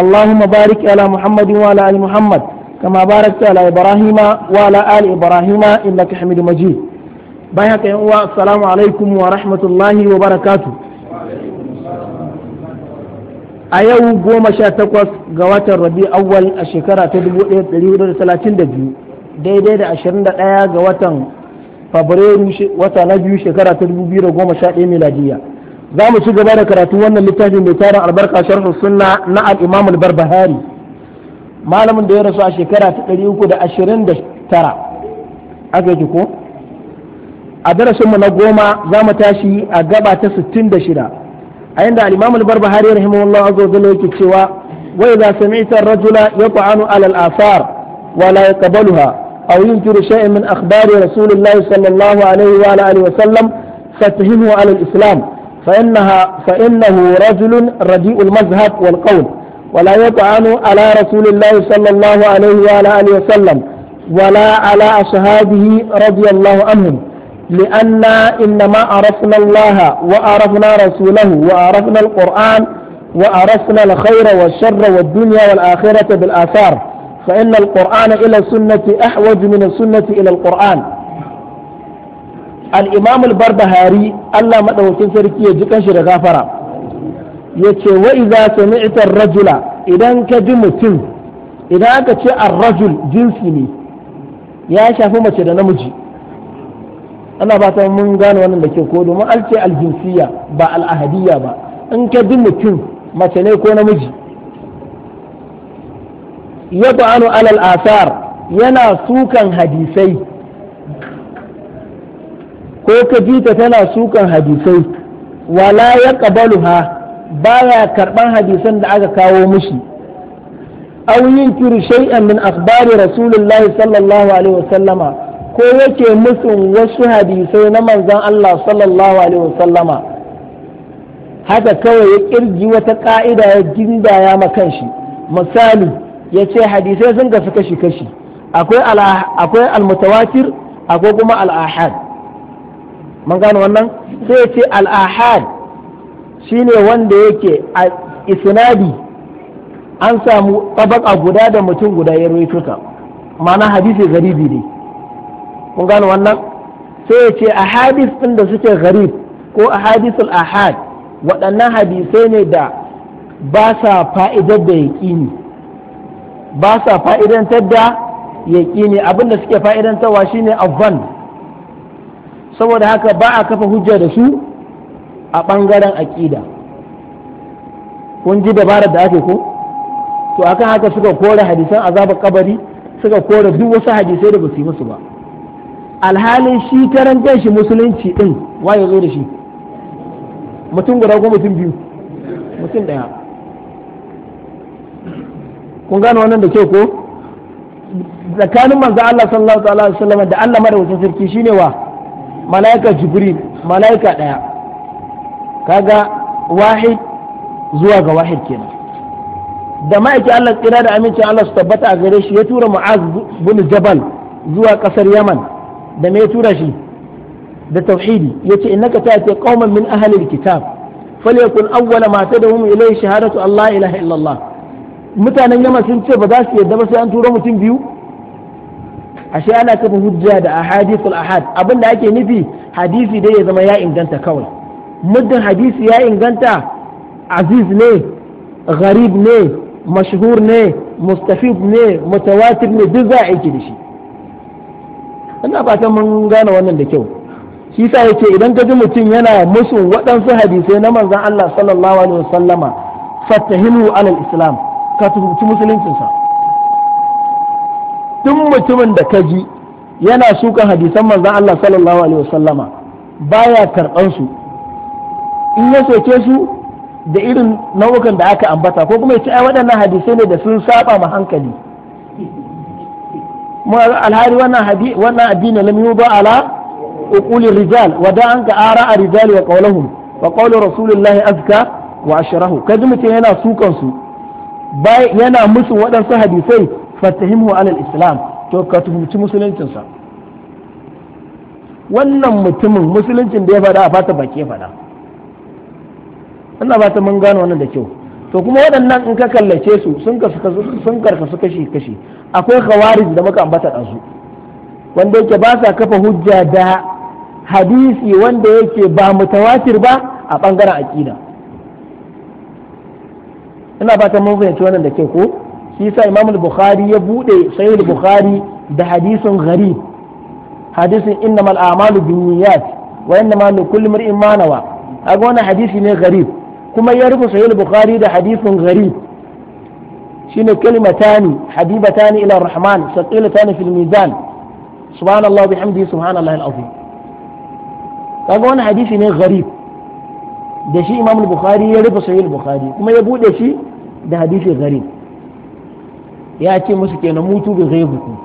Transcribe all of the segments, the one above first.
اللهم بارك على محمد وعلى آل محمد كما باركت على إبراهيم وعلى آل إبراهيم إنك حميد مجيد بارك السلام عليكم ورحمة الله وبركاته a yau goma sha takwas ga watan rabi awwal a shekara ta 1432 daidai da 21 ga watan fabrairu wata na biyu shekara ta 2011 miladiya za mu ci gaba da karatu wannan littafi mai tarin albarka sharh sunna na al-imam al-barbahari malamin da ya rasu a shekara ta 329 aka yi ko a darasin mu na goma za mu tashi a gaba ta 66 a inda al-imam al-barbahari rahimahullah azza wa yake cewa wa idza sami'ta ar-rajula yata'anu 'ala al-athar wa la yaqbaluha aw yunkiru shay'an min akhbari rasulillahi sallallahu alaihi wa alihi wa sallam fatahimu 'ala al-islam فإنها فإنه رجل رديء المذهب والقول ولا يطعن على رسول الله صلى الله عليه وعلى آله وسلم ولا على أصحابه رضي الله عنهم لأن إنما عرفنا الله وعرفنا رسوله وعرفنا القرآن وعرفنا الخير والشر والدنيا والآخرة بالآثار فإن القرآن إلى السنة أحوج من السنة إلى القرآن al-imam al-barbahari Allah maɗaukin sarki ya ji kanshi da gafara yace wa idza sami'ta rajula idan ka ji mutum idan aka ce ar-rajul jinsi ne ya shafi mace da namiji ana ba ta mun gane wannan da ke ko domin alce aljinsiya ba al'ahadiyya ba in ka ji mutum mace ne ko namiji ya ba'anu alal asar yana sukan hadisai ko ka ji ta tana sukan hadisai wala ya Ba baya karɓan hadisan da aka kawo mishi aw yunkiru shay'an min akhbari rasulillahi sallallahu alaihi wasallama ko yake musu wasu hadisai na manzon Allah sallallahu alaihi wasallama haka kawai ya kirji wata ka'ida ya gindaya ma kanshi misali ya ce hadisai sun gasu kashi-kashi akwai al-mutawatir akwai kuma al-ahad mun gane wannan sai ya ce al'ahad ahad shine wanda yake a isnadi an samu tabaka guda da mutum guda ya rai ta ma'ana hadisi garibi ne mun gane wannan sai ya ce a hadis ɗin da suke garib ko a hadisul ahad waɗannan hadisai ne da ba sa fa'idar da yaƙini ba sa fa'idantar da yaƙini abinda suke fa'idantarwa shine avon saboda haka ba a kafa hujja da su a ɓangaren aƙida kun ji dabarar da ake ko to akan haka suka kore hadisan azabar kabari suka kore duk wasu hadisai da ba su yi musu ba alhalin shi karan shi musulunci din waye zo da shi mutum guda ko mutum biyu mutum ɗaya kun gane wannan da kyau ko tsakanin manzo Allah sallallahu alaihi wasallam da Allah madawacin sarki shine wa mala'ika jibril mala'ika ɗaya kaga wahid zuwa ga wahid kenan da ma'aiki Allah tsira da amincin Allah su tabbata a gare shi ya tura mu'az bin jabal zuwa kasar yaman da me tura shi da tauhidi yace innaka ta'ti qauman min ahli alkitab falyakun awwala ma tad'uhum ilayhi shahadatu Allah ilaha illallah mutanen yaman sun ce ba za su yarda ba sai an tura mutum biyu ashe ana kafa hujja da ahadithul ahad abin da ake nufi hadisi dai ya zama ya inganta kawai muddin hadisi ya inganta aziz ne gharib ne mashhur ne mustafid ne mutawatir ne duk za a aiki da shi ina fatan mun gane wannan da kyau shi sa yake idan ka ji mutum yana musu waɗansu hadisai na manzon Allah sallallahu alaihi wasallama fatahimu alal islam ka tuhumci musuluncinsa duk mutumin da ka ji yana sukan hadisan manzan Allah sallallahu alaihi wasallama baya karɓan su in ya soke su da irin nau'ukan da aka ambata ko kuma ya ce ai waɗannan hadisai ne da sun saba ma hankali alhari wannan addini lam yuba ala uƙuli rijal wa da anka ara a rijal wa qawluhum wa qawlu rasulillahi azka wa ashirahu kaji mutum yana sukan su yana musu waɗansu hadisai fattahimu alal islam to ka tuhumci musuluncinsa wannan mutumin musuluncin da ya faɗa a fata baki ya faɗa ina ba ta mun gano wannan da kyau to kuma waɗannan in ka kallace su sun karkasu kashi kashi akwai khawarij da muka ambata su wanda yake ba sa kafa hujja da hadisi wanda yake ba mutawatir ba a ɓangaren aqida ina ba ta mun fahimci wannan da kyau ko shi yasa Imam al-Bukhari ya bude Sahih al-Bukhari da hadisin gari hadisin innamal a'malu binniyat wa innama kulli mar'in ma nawa aga wannan hadisi ne gari kuma ya rufe Sahih al-Bukhari da hadisin gari shine kalimatani habibatani ila ar-rahman saqilatani fil mizan subhanallahi bihamdihi subhanallahi al-azim kaga wannan hadisi ne gari da shi Imam al-Bukhari ya rufe Sahih al-Bukhari kuma ya bude shi da hadisi gari ya ce musu kenan mutu zai ghaibikum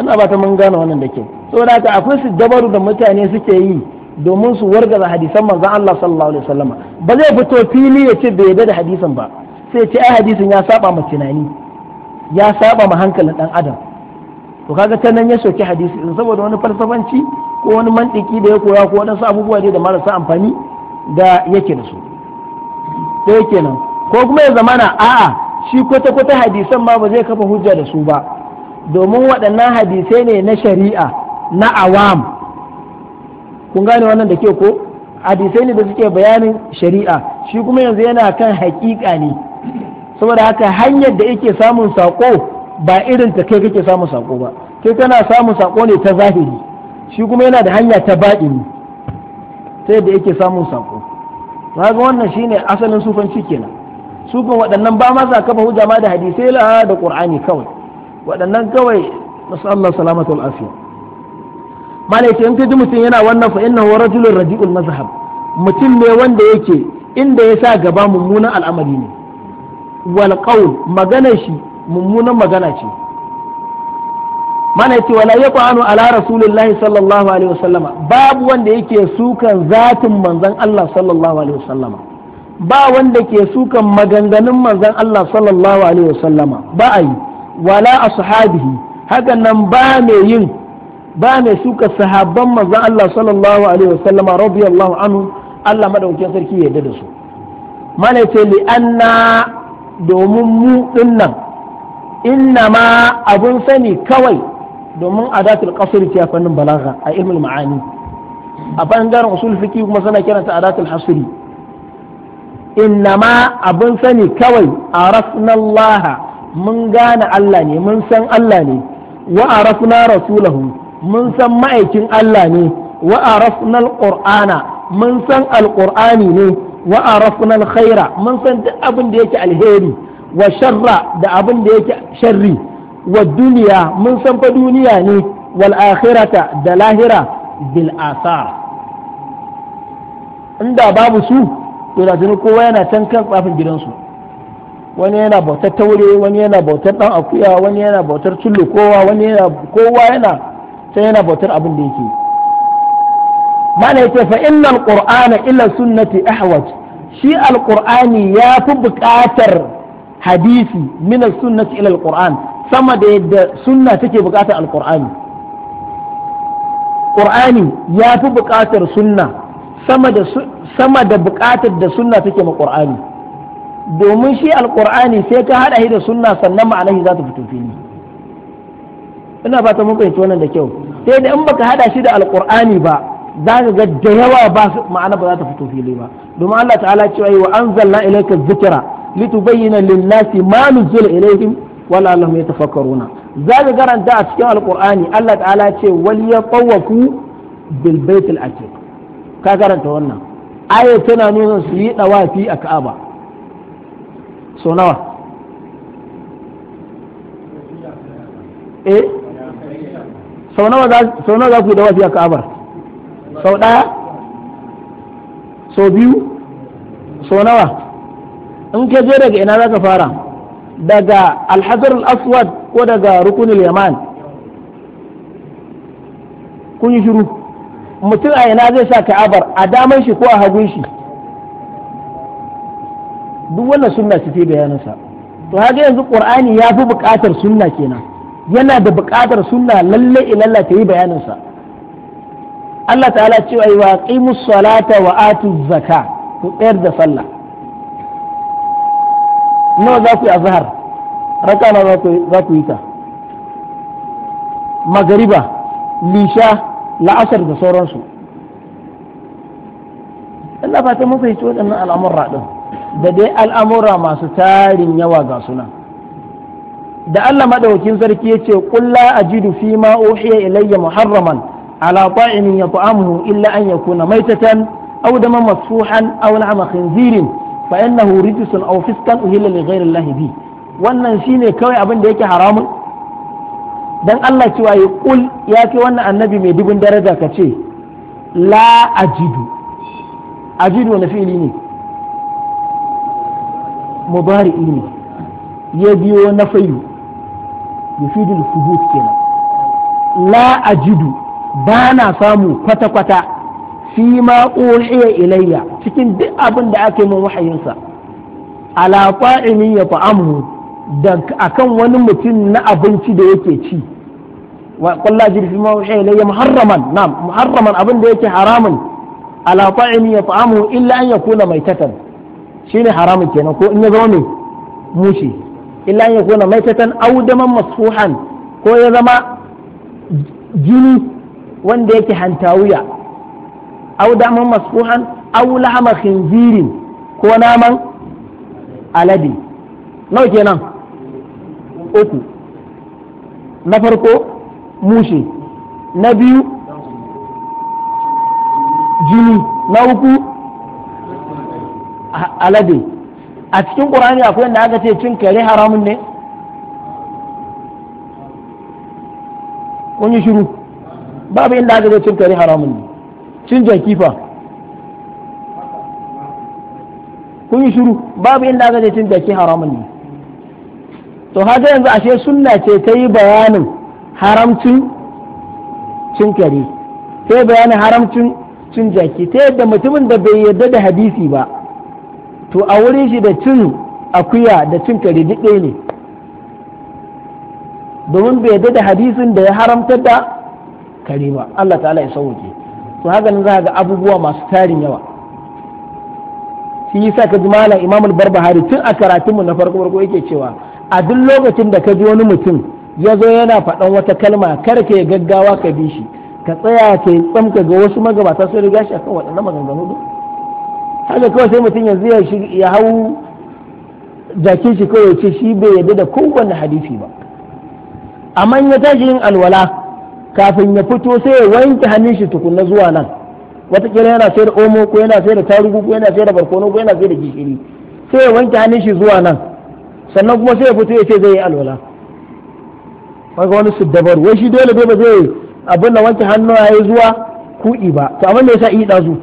ina ba ta mun gane wannan da kyau saboda haka akwai su dabaru da mutane suke yi domin su wargaza hadisan manzon Allah sallallahu alaihi wasallam ba zai fito fili ya ce bai yarda da hadisan ba sai ce ai hadisin ya saba ma tunani ya saba ma hankalin dan adam to kaga ta nan ya soki hadisi saboda wani falsafanci ko wani mantiki da ya koya ko wadansu abubuwa ne da marasa amfani da yake da su yake nan ko kuma ya zamana a'a shi kwata-kwata hadisan ma ba zai kafa hujja da su ba domin waɗannan hadisai ne na shari'a na awam kun gane wannan da ke ko hadisai ne da suke bayanin shari'a shi kuma yanzu yana kan haƙiƙa ne saboda haka hanyar da yake samun saƙo ba irin ta kai kake samun saƙo ba kai kana samun saƙo ne ta zahiri shi kuma yana da hanya ta baɗini ta yadda yake samun saƙo ga wannan shine asalin sufanci kenan su kan waɗannan ba ma sa kafa hujja ma da hadisai la da qur'ani kawai waɗannan kawai masallan salamatu wal afiya malai ce in ka mutum yana wannan fa innahu rajulun radi'ul mazhab mutum ne wanda yake inda ya sa gaba mummunan al'amari ne wal qaul maganar shi mummunan magana ce mana yace wala yaqanu ala rasulillahi sallallahu alaihi wasallama babu wanda yake sukan zatin manzon Allah sallallahu alaihi wasallama ba wanda ke sukan maganganun manzon Allah sallallahu alaihi wasallama ba a yi wala ashabihi haka nan ba mai yin ba mai suka sahabban manzon Allah sallallahu alaihi wasallama radiyallahu anhu Allah sarki ya yarda da su mana ce li anna domin mu dinnan inna ma abun sani kawai domin adatul qasr ce fannin balagha a ilmul ma'ani a bangaren usul fiqi kuma suna kiranta adatul hasri ma abin sani kawai arafna laha mun gane Allah ne mun san Allah ne wa arafna rasulahu mun san ma'aikin Allah ne wa arafna alqur'ana mun san alqur'ani ne wa arafna alkhaira mun san duk abin da yake alheri wa sharra da abin da yake sharri wa duniya mun san fa duniya ne wal akhirata da lahira bil'asa inda babu su to tuni kowa yana can kan tsafin gidansu wani yana bautar taure wani yana bautar dan akuya wani yana bautar tullu kowa wani yana kowa yana sai yana bautar abin da yake mana yace fa innal qur'ana illa sunnati ahwaj shi alqur'ani ya fi buƙatar hadisi min sunnati ila alqur'an sama da yadda sunna take buƙatar alqur'ani qur'ani ya fi buƙatar sunna sama da buƙatar da sunna take ma qur'ani domin shi alqur'ani sai ka hada shi da sunna sannan ma'anar shi za ta fito fili ina fata mun fahimci wannan da kyau sai da in baka hada shi da alqur'ani ba za ka ga da yawa ba ma'ana ba za ta fito fili ba domin Allah ta'ala ce wa anzalna ilayka dhikra litubayyana lin-nasi ma nuzila ilayhim wa la'allahum yatafakkaruna za ka garanta a cikin alqur'ani Allah ta'ala ce wal yatawafu bil baitil atiq ka karanta wannan aya tana nuna su yi dawafi a ka'aba so nawa eh sau nawa za ku yi dawafi a ka'abar sau ɗaya sau biyu sau nawa in ka je daga ina za ka fara daga alhazar aswad ko daga rukunin yaman kun yi shiru mutum a yana zai sa ka'abar a damar shi ko a hagun shi duk wannan sunna su fi bayaninsa to haka yanzu ƙur'ani ya fi buƙatar sunna kenan yana da buƙatar sunna lalle ilalla ta yi bayaninsa Allah ta'ala cewa yi wa qimus salata wa atu zaka ku tsayar da sallah nawa za ku yi azhar raƙa na za ku yi ta magariba lisha la'asar da sauransu ina fata mun fahimci waɗannan al'amurra ɗin da dai al'amura masu tarin yawa ga suna da Allah maɗaukin sarki ya ce ƙulla a jidu fi ma uhiya ilayya muharraman ala ta'imin ya ta'amuhu illa an yakuna maitatan aw daman masfuhan aw lahma khinzirin fa innahu rijsun aw fiskan uhilla li ghayri Allah bi wannan shine kawai abin da yake haramun dan Allah cewa ya kul ya ce wannan annabi mai dubin daraja ka ce la ajidu ajidu wani fili ne mubari ne ya biyo na fayu yufidul subut kenan la ajidu ba na samu kwata-kwata fi ma uhiya ilayya cikin duk abin da aka yi min wahayinsa ala qa'imin ya fa'amu akan wani mutum na abinci da yake ci wa qalla jirfi ma wahi ilayya muharraman na'am muharraman abin da yake haramun ala ta'im yat'amu illa an yakuna maitatan shine haramun kenan ko in ya zama mai mushi illa an yakuna maitatan aw daman masfuhan ko ya zama jini wanda yake hantawiya aw daman masfuhan aw lahama khinzirin ko naman aladi nawa kenan uku na farko mushi na biyu jini na uku alade a cikin ƙur'ani akwai wanda aka ce cin kare haramun ne kun yi shiru babu inda aka ce cin kare haramun ne cin jankifa kun yi shiru babu inda aka ce cin jaki haramun ne to haka yanzu ashe sunna ce ta yi bayanin haramcin cin kare ta yi bayanin haramcin cin jaki ta yadda mutumin da bai yarda da hadisi ba to a wurin shi da cin akuya da cin kare duk ɗaya ne domin bai yarda da hadisin da ya haramtar da kare ba Allah ta'ala ya sauke to haka nan za ga abubuwa masu tarin yawa shi yasa ka ji malam imamul barbahari tun a karatunmu na farko farko yake cewa a duk lokacin da ka ji wani mutum ya zo yana faɗan wata kalma kar ka gaggawa ka bi shi ka tsaya ka tsamka ga wasu magabata sun riga shi akan waɗannan maganganu ne haka kawai sai mutum yanzu ya hau jakin shi kawai ce shi bai yarda da kowane hadisi ba amma ya tashi yin alwala kafin ya fito sai ya wanke hannun shi tukunna zuwa nan watakila yana sai da omo ko yana sai da tarugu ko yana sai da barkono ko yana sai da gishiri sai ya wanke hannun shi zuwa nan sannan kuma sai ya fito ya ce zai yi alwala kaga wani su dabaru wai shi dole dai ba zai abin da wanke hannu ya yi zuwa kuɗi ba to abin da yasa yi ɗazu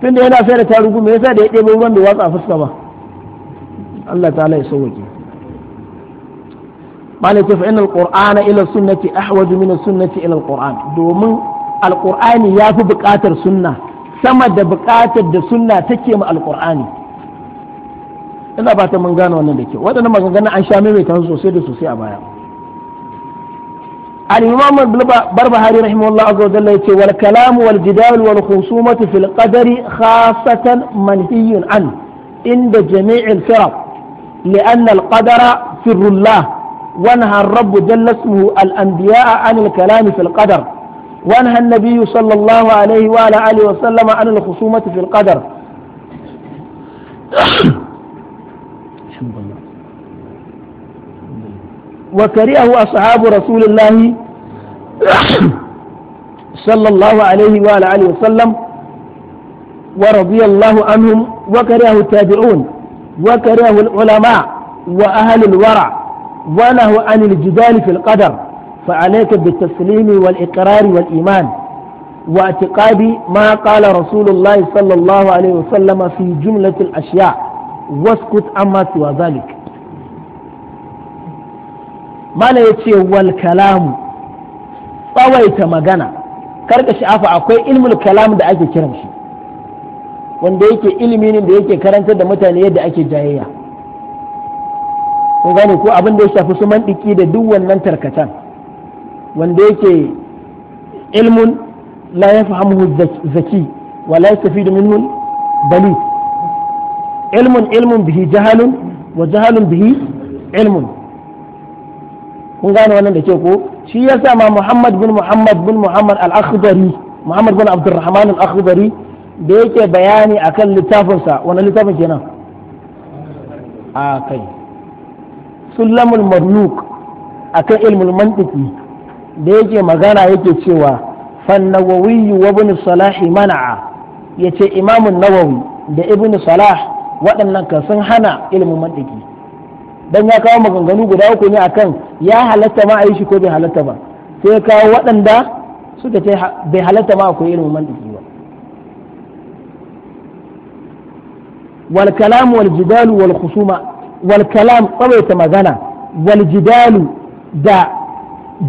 tunda yana sai da tarugu me yasa da ya ɗebo ruwan da watsa fuska ba Allah ta'ala ya sauwake malai ce fa inal qur'ana ila sunnati ahwaju min sunnati ila alquran domin alqur'ani yafi buƙatar sunna sama da buƙatar da sunna take ma alqur'ani ina fatan mun gane wannan da ke waɗannan maganganun an sha maimaita su sosai da sosai a baya al-imam barbahari rahimahullah azza wa jalla yace wal kalam wal jidal wal khusumatu fil qadari khasatan manhiyun an inda jami'il firaq لأن القدر سر الله ونهى الرب جل اسمه الأنبياء عن الكلام في القدر ونهى النبي صلى الله عليه وعلى آله وسلم عن الخصومة في القدر وكرهه أصحاب رسول الله صلى الله عليه وعلى آله وسلم ورضي الله عنهم وكرهه التابعون وكرهه العلماء وأهل الورع ونهوا عن الجدال في القدر فعليك بالتسليم والإقرار والإيمان واعتقاد ما قال رسول الله صلى الله عليه وسلم في جملة الأشياء واسكت عما سوى ذلك mala ya ce wal kalamu tsawaita magana karka sha'afa akwai ilmul kalam da ake kiran shi wanda yake ilimi ne da yake karantar da mutane yadda ake jayayya kun gane ko abin da ya shafi su mandiki da duk wannan tarkatan wanda yake ilmun la fahimu zaki wa la yastafidu minhu bali ilmun ilmun bihi jahalun wa jahalun bihi ilmun kun gane wannan da ke ko shi yasa ma Muhammad bin Muhammad bin Muhammad al-Akhdari Muhammad bin Abdurrahman al-Akhdari da yake bayani akan littafinsa wani littafin kenan a kai sulamul marnuk akan ilmul mantiki da yake magana yake cewa fannawawiyu wa ibn salah mana'a yace imamun nawawi da ibn salah waɗannan kan sun hana ilmin mantiki dan ya kawo maganganu guda uku ne akan ya halatta ma a yi shi ko bai halatta ba sai kawo waɗanda suka ce bai halatta ma akwai ilimin mantiki ba wal kalam wal jidal wal khusuma wal kalam tsawaita magana wal jidalu da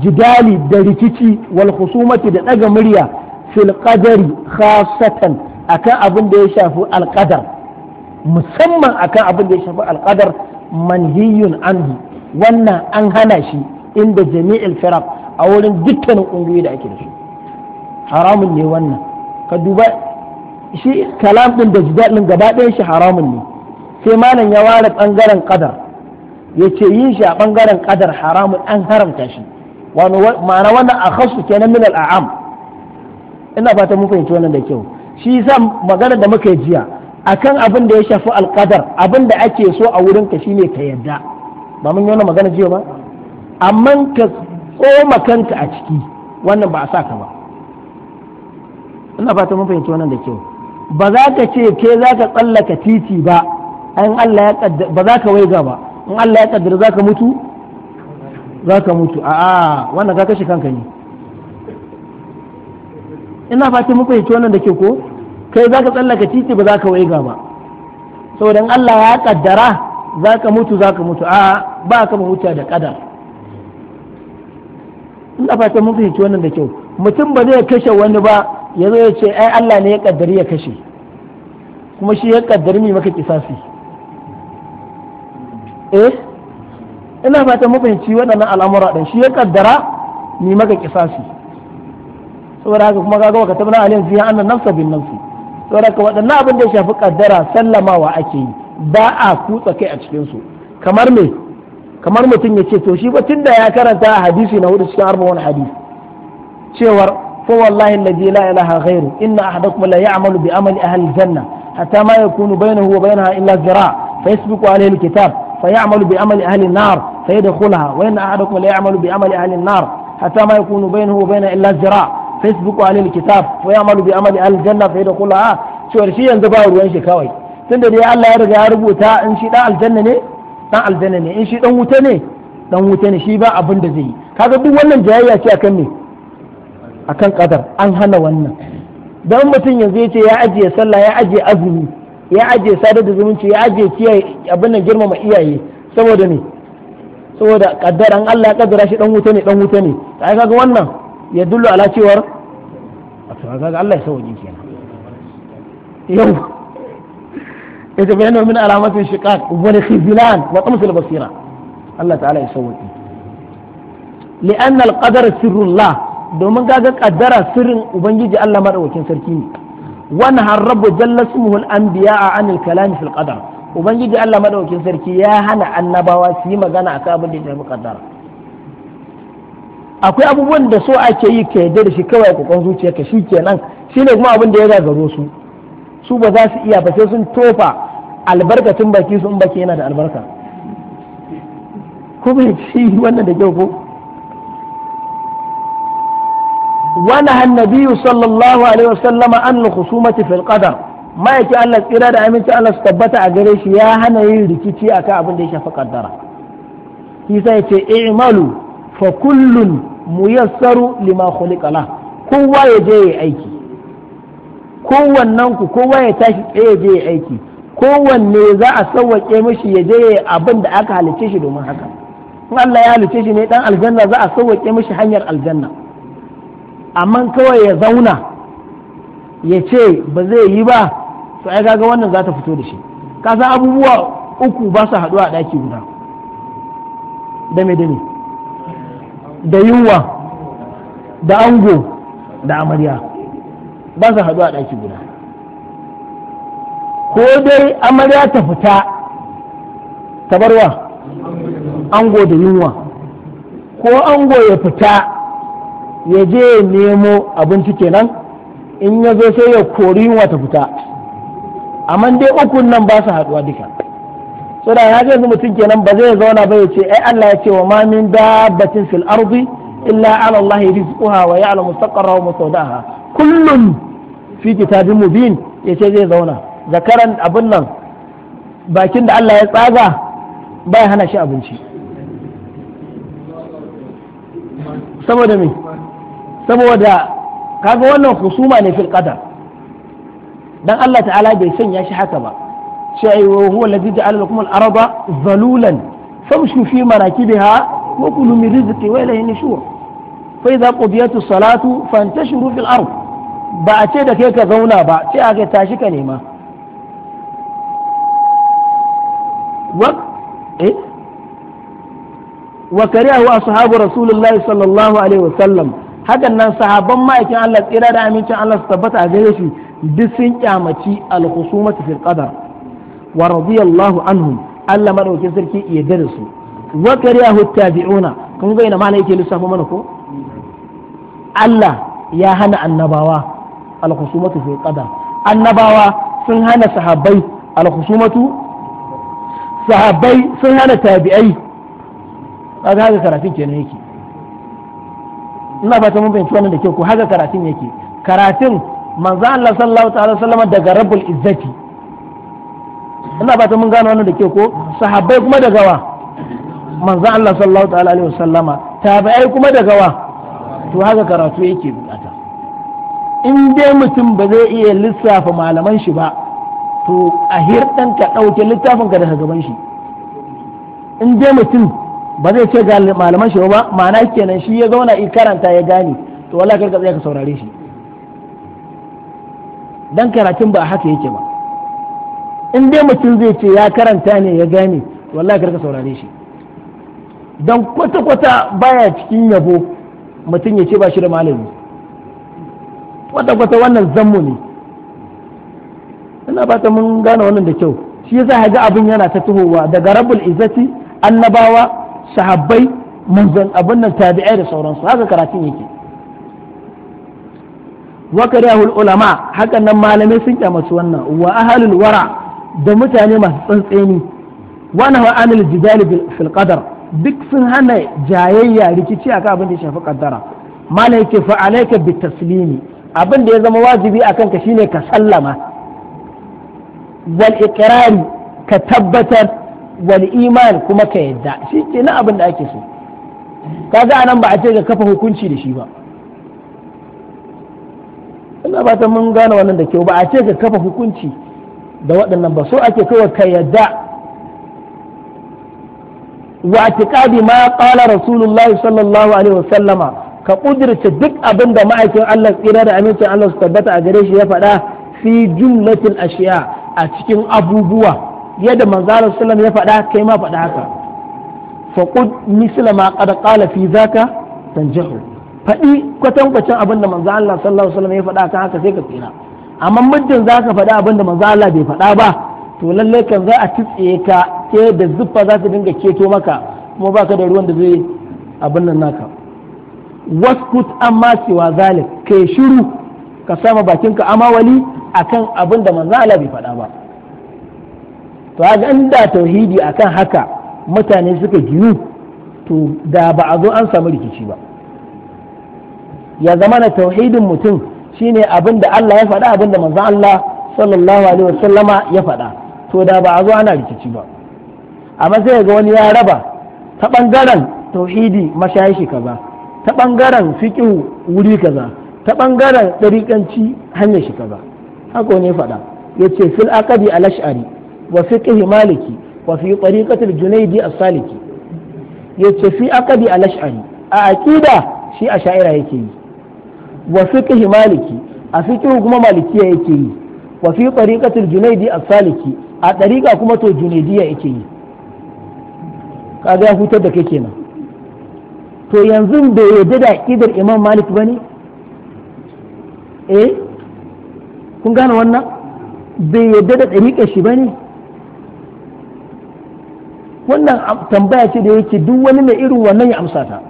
jidali da rikici wal khusumati da daga murya fil qadari khasatan akan abin da ya shafi qadar musamman akan abin da ya shafi qadar manhiyun anhu wannan an hana shi inda jami'il firaq a wurin dukkanin ƙungiyoyi da ake da su haramun ne wannan ka duba shi kalam din da jidalin gaba ɗayan shi haramun ne sai malam ya ware ɓangaren ƙadar ya ce yin shi a ɓangaren ƙadar haramun an haramta shi ma'ana wannan a khasu kenan min al'am ina fata muku fahimci wannan da kyau shi sa magana da muka yi jiya akan abin da ya shafi alƙadar abin da ake so a wurin ka shine ka yadda ba mun yi magana jiya ba amma ka tsoma kanka a ciki wannan ba a sa ka ba ina fata mun fahimci wannan da kyau ba za ka ce ke za ka tsallaka titi ba in Allah ya kaddara ba za ka waiga ba in Allah ya kaddara za ka mutu za ka mutu a'a wannan ka kashe kanka ne ina fata mun fahimci wannan da kyau ko kai zaka tsallaka titi ba zaka ga ba saboda in Allah ya kaddara zaka mutu zaka mutu a ba ka wuta da kadar ina fatan mun fahimci wannan da kyau mutum ba zai kashe wani ba ya zo ya ce ai Allah ne ya kaddari ya kashe kuma shi ya kaddari mai maka kisasi eh ina fatan mun fahimci waɗannan al'amura ɗin shi ya kaddara mai maka kisasi saboda haka kuma kaga wa katabna alayhi fiha nan nafsa bin nafsi saboda waɗannan abin da ya shafi kaddara sallamawa ake yi ba a kutsa kai a cikinsu kamar me kamar mutum ya ce to shi ba tunda ya karanta hadisi na hudu cikin arba'un hadisi cewar fa wallahi alladhi la ilaha ghairu inna ahadakum la ya'malu bi amali ahli janna hatta ma yakunu bainahu wa bainaha illa zira' bi فيسبق عليه الكتاب فيعمل بعمل أهل النار فيدخلها وإن أحدكم لا يعمل بعمل أهل النار حتى ما يكون بينه وبينها illa zira. facebook wa alil kitab fa malu bi amali al janna fa yadkhulaha cewar shi yanzu ba ruwan shi kawai tunda dai Allah ya riga ya rubuta in shi dan aljanna ne dan aljanna ne in shi dan wuta ne dan wuta ne shi ba abin da zai yi kaga duk wannan jayayya ce akan ne akan kadar an hana wannan dan mutum yanzu yace ya ajiye sallah ya ajiye azumi ya ajiye sadar da zumunci ya ajiye kiyaye abin nan girmama iyaye saboda ne saboda kaddaran Allah ya kaddara shi dan wuta ne dan wuta ne ai kaga wannan ya dullu ala cewar kasuwa kaga Allah ya sauke kenan yau ita bayyana min alamatin shiqaq wal khizlan wa tamsil basira Allah ta'ala ya sauke li'anna al-qadara sirrullah domin kaga kaddara sirrin ubangiji Allah madaukakin sarki ne wannan harrabu jalla smuhu al-anbiya'a 'anil kalam fil qadar ubangiji Allah madaukakin sarki ya hana annabawa su yi magana akan abin da ya akwai abubuwan da so ake yi ka yadda da shi kawai kokon ka shi kenan ne kuma abin da ya gagaro su su ba za su iya ba sai sun tofa albarkacin baki sun baki yana da albarka ko bai ci wannan da kyau ko wani hannabiyu sallallahu alaihi wasallama an na husumati fil qadar ma'aiki Allah tsira da aminci Allah su tabbata a gare shi ya hana yin rikici akan abin da ya shafi qaddara shi sai ce i'malu fa kullun muyassaru lima khuliqa la kowa ya je ya aiki kowannanku kowa ya tashi ya je ya aiki kowanne za a sauwaƙe mishi ya je abin da aka halicce shi domin haka in Allah ya halicce shi ne dan aljanna za a sauwaƙe mishi hanyar aljanna amma kawai ya zauna ya ce ba zai yi ba to ai kaga wannan za ta fito da shi ka abubuwa uku ba su haɗuwa a ɗaki guda dame dame da yunwa da ango da amarya ba su haɗu a ɗaki guda ko dai amarya ta fita ta wa, ango da yunwa ko ango ya fita ya je ya nemo abinci kenan in ya zo sai ya kori yunwa ta fita amma dai ukun nan ba su haɗuwa duka saboda ya ga yanzu mutum kenan ba zai zauna ba ya ce ai Allah ya ce wa mamin min dabbatin fil ardi illa ala Allah rizquha wa ya'lamu mustaqarraha wa mustawdaha kullun fi kitabin mubin ce zai zauna zakaran abin nan bakin da Allah ya tsaga bai hana shi abinci saboda me saboda kaga wannan husuma ne fil qadar dan Allah ta'ala bai sanya shi haka ba cewa huwa alladhi ja'ala lakum kuma arda zalulan famshu fi manakibiha wa kulu min rizqi wa ilayhi nushur fa idza qudiyat as-salatu fantashiru fil ard ba a ce da kai ka zauna ba sai aka tashi ka nema wa kariyahu ashabu rasulullahi sallallahu alaihi wa sallam hakan nan sahabban ma'aikin Allah tsira da amincin Allah su tabbata a gare shi duk sun kyamaci al-khusumati fil qadar wa radiyallahu anhum Allah madaukin sarki ya dare su wa kariyahu tabi'una kun ga ina mana yake lissafa mana ko Allah ya hana annabawa al-khusumatu fi qada annabawa sun hana sahabbai al-khusumatu sahabbai sun hana tabi'ai kaga haka karatun kenan yake ina fata mun bayyana wannan da kyau ko haka karatun yake karatun manzo Allah sallallahu ta'ala sallama daga rabbul izzati ina ba ta mun gano wannan da ke ko sahabbai kuma da gawa manzan Allah sallallahu ta'ala alaihi wasallama tabi'ai kuma da gawa to haka karatu yake bukata in dai mutum ba zai iya lissafa malaman shi ba to a dan ka ɗauke littafin ka daga gaban shi in dai mutum ba zai ce ga malaman shi ba ma'ana kenan shi ya zauna i karanta ya gane to wallahi ka tsaya ka saurare shi dan karatun ba haka yake ba in dai mutum zai ce ya karanta ne ya gane wallahi karka saurare shi don kwata-kwata baya cikin yabo mutum ya ce ba shi da malami kwata-kwata wannan zammu ne ina fata mun gane wannan da kyau shi yasa ga abin yana ta tuhowa daga rabul izzati annabawa sahabbai manzan abin nan tabi'ai da sauransu haka karatun yake wa ulama hakan nan malamai sun kyamaci wannan wa ahlul wara da mutane masu tsantseni wani wa anil jidali fil qadar duk sun hana jayayya rikici akan abin da ya shafi kaddara mala yake fa alayka bit taslimi abin da ya zama wajibi akan ka shine ka sallama wal iqrari ka tabbatar wal iman kuma ka yadda shi na abin da ake so kaga anan ba a ce ga kafa hukunci da shi ba ina ba ta mun gane wannan da kyau ba a ce ka kafa hukunci da waɗannan ba so ake kawai ka yadda wa atiqadi ma qala rasulullahi sallallahu alaihi wasallama ka kudirce duk abin da ma'aikin Allah tsira da amincin Allah su tabbata a gare shi ya faɗa fi jumlatil ashiya a cikin abubuwa yadda manzara sallam ya faɗa kai ma faɗa haka faqud misla ma qad qala fi zaka tanjahu faɗi kwatankwacin abin da manzo Allah sallallahu alaihi wasallam ya faɗa kan haka sai ka tsira amma muddin za ka faɗi abin da bai faɗa ba to lallai kan za a titse ka ke da zuffa za ta dinga keto maka kuma ba ka da ruwan da zai abin nan naka waskut amma cewa zalik kai shiru ka sama bakinka amawali akan abin da manzo bai faɗa ba to ga inda tauhidi akan haka mutane suka giyu to da ba a zo an samu rikici ba ya zama na tauhidin mutum Shi ne abin da Allah ya faɗa abin da manzon Allah sallallahu alaihi wasallama ya faɗa to da ba a zo ana rikici ba A sai ga wani ya raba ta ɓangaren tauhidi mashayishi kaza ta ɓangaren fiqh wuri kaza ta ɓangaren ɗariƙanci hanyar shi kaza haka ya faɗa ya ce fil Akadi al ash'ari wa fiqh maliki wa fi tariqatil junaidi as saliki ya ce fi Akadi al ash'ari a aqida shi a sha'ira yake yi wa fiqhi maliki a fiqhi kuma malikiya yake yi wa fi tariqatil junaydi as-saliki a tariqa kuma to junaydiya yake yi kaga ya hutar da kake kenan to yanzu bai yarda da kidar imam malik bane eh kun gane wannan bai yarda da ɗariƙar shi bane wannan tambaya ce da yake duk wani mai irin wannan ya amsa ta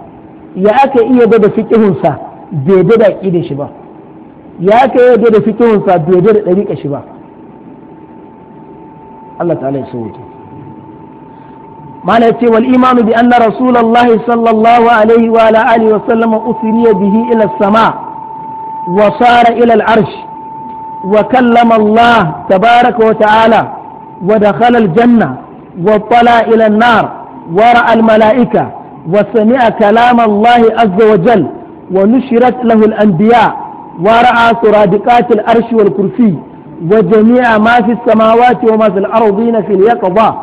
ya aka iya da fiqhunsa bai da da da shi ba ya ka yadda da fitowarsa bai da da ɗariƙa shi ba Allah ta'ala ya sauke mana ce wal imanu bi anna rasulullahi sallallahu alaihi wa ala alihi wa sallam usriya bihi ila sama wa sara ila al arsh wa kallama Allah tabaraka wa ta'ala wa dakhala al janna wa tala ila an nar wa ra'a al malaika وسمع كلام الله عز وجل ونشرت له الأنبياء ورأى سرادقات الأرش والكرسي وجميع ما في السماوات وما في الأرضين في اليقظة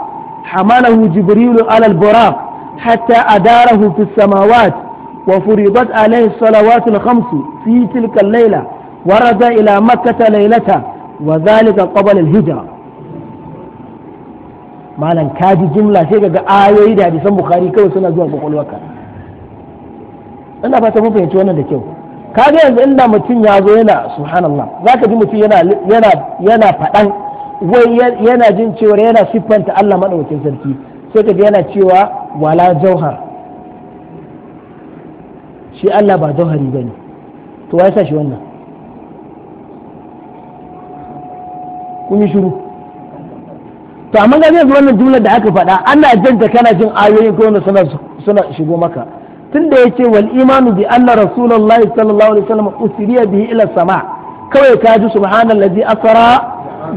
حمله جبريل على البراق حتى أداره في السماوات وفرضت عليه الصلوات الخمس في تلك الليلة ورد إلى مكة ليلته وذلك قبل الهجرة malam ka ji jimla sai ga ayoyi da hadisan bukhari kawai suna zuwa kwakwalwarka ina fata mun fahimci wannan da kyau kaga yanzu inda mutum ya zo yana subhanallah zaka ji mutum yana yana yana faɗan wai yana jin cewa yana siffanta Allah madaukakin sarki sai ka ji yana cewa wala jauhar shi Allah ba jauhari bane to wai sa shi wannan kun yi shiru to amma ga yanzu wannan jumlar da aka faɗa ana janta kana jin ayoyin ko suna suna shigo maka tunda yace wal imanu bi anna rasulullahi sallallahu alaihi wasallam usriya bihi ila sama kawai ka ji subhanallazi asara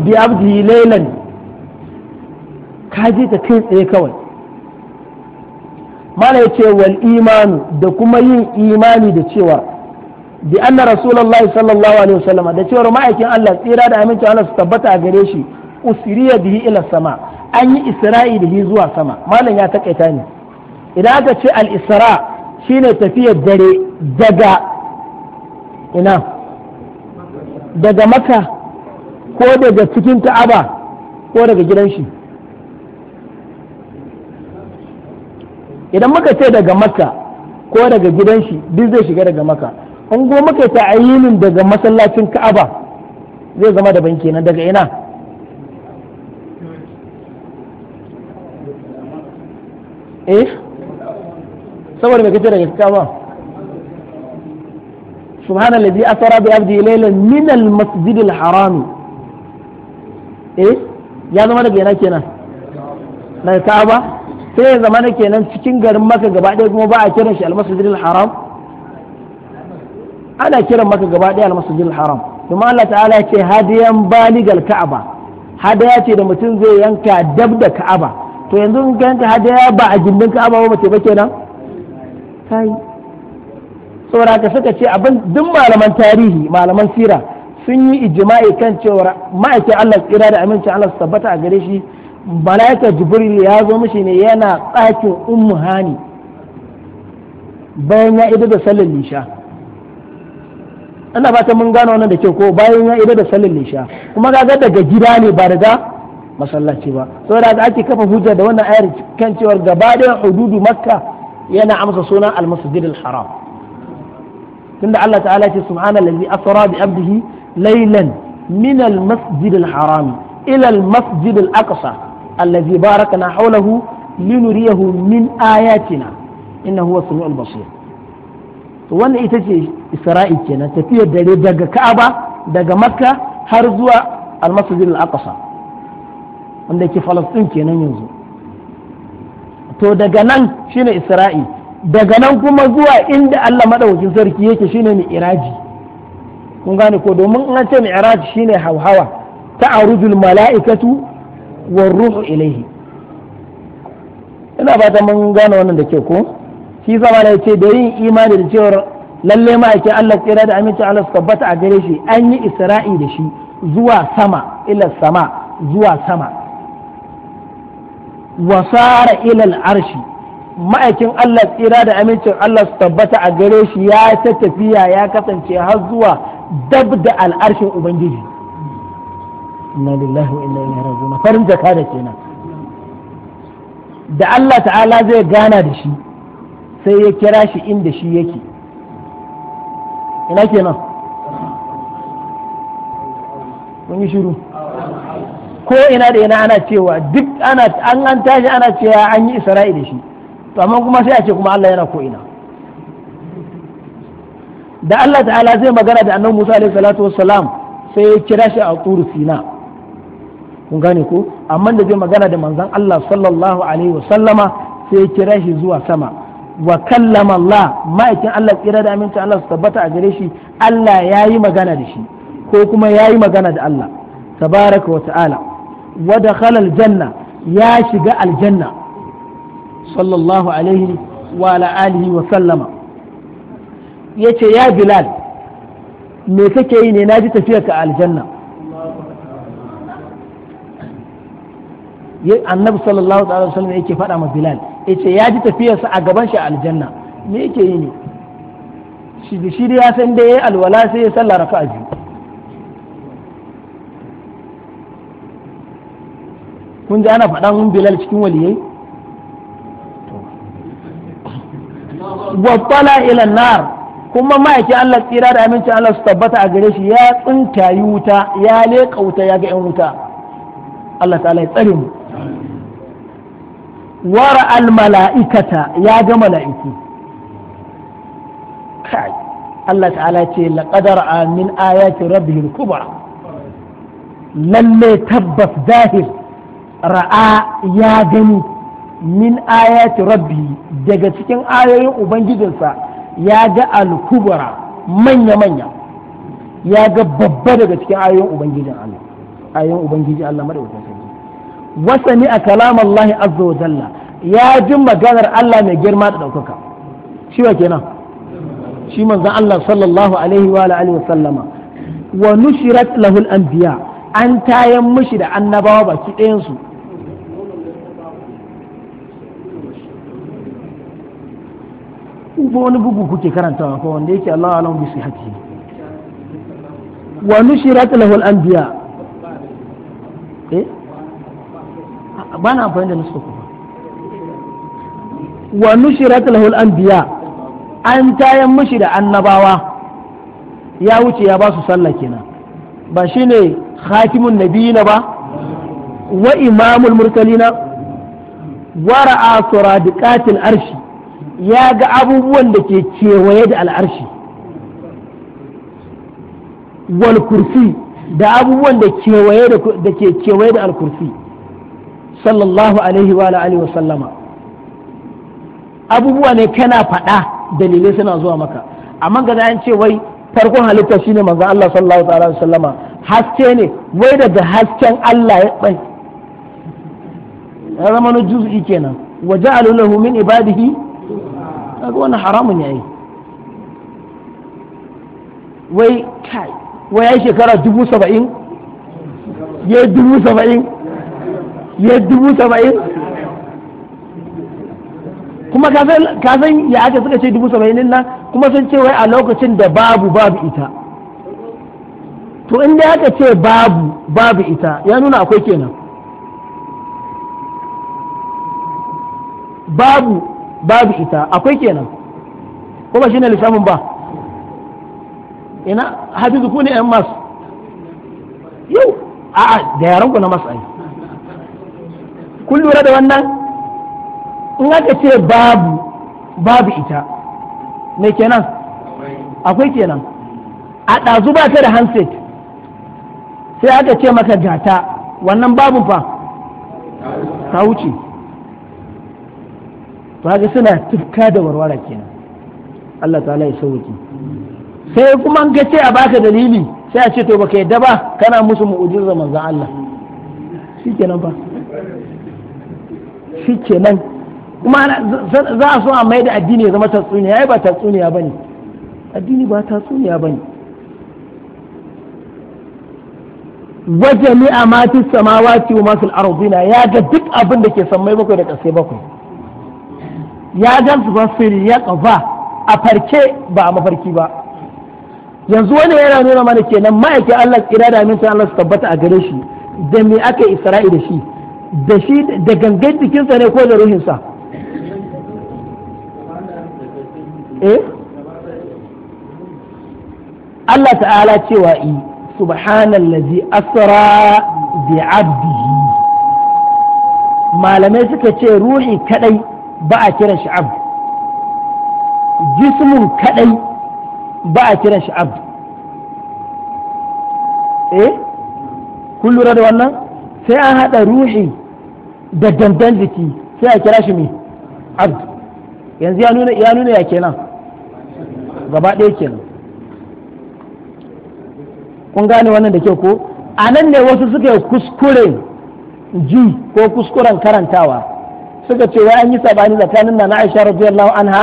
bi abdihi laylan ka ji ta kai tsaye kawai mana yace wal imanu da kuma yin imani da cewa bi anna rasulullahi sallallahu alaihi wasallam da cewa ma'aikin Allah tsira da amincin Allah su tabbata a gare shi usriya bihi ila sama an yi isra'i da zuwa sama malam ya takaita ne idan aka ce al-isra shine tafiyar dare daga ina daga maka ko daga cikin ta'aba ko daga gidan shi idan muka ce daga maka ko daga gidan shi duk zai shiga daga maka in go muka ta ayinin daga masallacin ka'aba zai zama daban kenan daga ina eh saboda bai kace da gaskiya ba subhanallazi asara bi abdi laylan min al-masjid al-haram eh ya zama daga yana kenan na ka'aba sai ya zama na kenan cikin garin maka gaba ɗaya kuma ba a kiran shi al-masjid al-haram ana kiran maka gaba ɗaya al-masjid al-haram kuma Allah ta'ala ce hadiyan baligal ka'aba hadaya ce da mutum zai yanka dab da ka'aba to yanzu in ka yanka hadaya ba a gindin ka'aba ba mace ba kenan ta yi saboda ka suka ce abin duk malaman tarihi malaman sira sun yi ijma'i kan cewa ma'aikin Allah tsira da amincin Allah su tabbata a gare shi malaika jibril ya zo mishi ne yana tsakin ummu hani bayan ya ido da sallar lisha ana fata mun gano wannan da kyau ko bayan ya ido da sallar lisha kuma ga daga gida ne ba da masallaci ba saboda ake kafa hujja da wannan ayar kan cewa gaba ɗaya hududu makka yana amsa sunan al-masjid al-haram tunda Allah ta'ala ce subhana allazi asra bi abdihi laylan min al-masjid al-haram ila al-masjid al-aqsa allazi barakna hawlahu linuriyahu min ayatina innahu huwa samiul basir to wannan ita ce isra'i kenan tafiyar dare daga ka'aba daga makka har zuwa al-masjid al-aqsa wanda ke falastin kenan yanzu to daga nan shine isra'i daga nan kuma zuwa inda Allah Maɗaukin sarki yake shine mi'raji kun gane ko domin an ce shi shine hauhawa ta'arujul mala'ikatu war ruhu ilaihi ina ta mun gane wannan da ke ko shi zama da ce da yin imani da cewar lalle ma ma'aikin Allah kira da aminci Allah su tabbata a gare shi an yi isra'i da shi zuwa sama ila sama zuwa sama Wasara sara ilal arshi ma'aikin Allah tsira da amincin Allah su tabbata a gare shi ya ta tafiya ya kasance har zuwa dabda da al'arshin ubangiji inna lillahi wa inna ilaihi raji'un farin jaka da kenan da Allah ta'ala zai gana da shi sai ya kira shi inda shi yake ina kenan kun yi shiru ko ina da ina ana cewa duk ana an an tashi ana cewa an yi isra'i da shi to amma kuma sai a ce kuma Allah yana ko ina da Allah ta'ala zai magana da annabi Musa alaihi salatu wassalam sai ya kira shi a turu sina kun gane ko amma da zai magana da manzon Allah sallallahu alaihi wasallama sai ya kira shi zuwa sama wa kallama Allah ma'aikin Allah kira da aminta Allah su tabbata a gare shi Allah yayi magana da shi ko kuma yayi magana da Allah tabaraka wa ta'ala ودخل الجنة يا ya shiga aljanna الله alaihi wa آله وسلم wa sallama yace ya bilal me على yi ne aljanna annabi sallallahu alaihi wasallam yake faɗa ma bilal yace ya ji tafiyarsa a gaban shi aljanna me yake yi ne shi shi ya san da yayi alwala sai ya sallah raka'a biyu kun ji ana faɗa mun bilal cikin waliyai wattala ila nar kuma ma'aiki Allah tsira da aminci Allah su tabbata a gare shi ya yi wuta ya leƙa wuta ya ga 'yan wuta Allah ta'ala ya tsare mu wara al mala'ikata ya ga mala'iku Allah ta'ala ce laqadar amin ayati rabbihil kubra lalle tabbas zahir ra'a ya gani min ayati rabbi daga cikin ayoyin ubangijinsa ya ga alkubra manya-manya ya ga babba daga cikin ayoyin ubangijin Allah ayoyin ubangiji Allah madaukakin sarki wasani a kalam Allah azza wa jalla ya ji maganar Allah mai girma da daukaka shi wa kenan shi manzon Allah sallallahu alaihi wa alihi wa sallama wa nushirat lahul anbiya an tayan mishi da annabawa baki ɗayansu ba wani bugu kuke karantawa ko wanda yake Allah alam bi sihhati wa nushirat lahu al-anbiya eh ba na amfani da nusu ku wa nushirat lahu al-anbiya an tayan mishi da annabawa ya wuce ya ba su sallah kenan ba shine khatimun nabiyina ba wa imamul mursalina wa ra'a suradiqatil arshi ya ga abubuwan da ke kewaye da al'arshi wal kursi da abubuwan da ke kewaye da al-kursi sallallahu alaihi wa sallama abubuwa ne kana faɗa dalilai suna zuwa maka amma ga an ce wai farkon halitta shine manzo Allah sallallahu alaihi wasallama haske ne wai daga hasken Allah ya bai ya zama na juz'i kenan wa lahu min ibadihi kaga wannan haramun yayi wai kai wai ya shekara dubu saba'in ya dubu saba'in ya dubu saba'in kuma ka san ya aka suka ce dubu saba'in nan kuma sun ce wai a lokacin da babu babu ita to inda aka ce babu babu ita ya nuna akwai kenan babu babu ita akwai kenan kuma ne lissafin ba ina hafizu ku ne yan masu yau a'a da yaran ku na masu ai kun lura da wannan in aka ce babu babu ita me kenan akwai kenan a ɗazu ba ta da handset sai aka ce maka gata wannan babu fa ta wuce to haka suna tufka da warwara kenan Allah ta'ala ya sauki sai kuma an ce a baka dalili sai a ce to baka yadda ba kana musu zaman manzon Allah shikenan ba shikenan kuma za a so a mai da addini ya zama tatsuniya yi ba tatsuniya ba ne. addini ba tatsuniya ba waje wa a ma sama wati wa masu fil ya ga duk abin da ke sammai bakwai da ƙasai bakwai ya gan su basiri ya kafa a farke ba a mafarki ba yanzu wani yana nuna mana kenan ma'aikin Allah kira da aminta, Allah su tabbata a gare shi da me aka isra'i da shi da shi da gangan jikinsa ne ko da ruhinsa eh Allah ta'ala cewa i subhanallazi asra bi abdihi malamai suka ce ruhi kadai ba a kiran shi abd jismun kadai ba a kiran shi abd eh kun lura da wannan sai an hada ruhi da dandan jiki sai a kira shi mai abd yanzu ya nuna ya kenan gaba ɗaya kenan kun gane wannan da kyau ko a nan ne wasu suka yi kuskure ji ko kuskuren karantawa suka ce wai an yi sabani tsakanin na aisha radiyallahu anha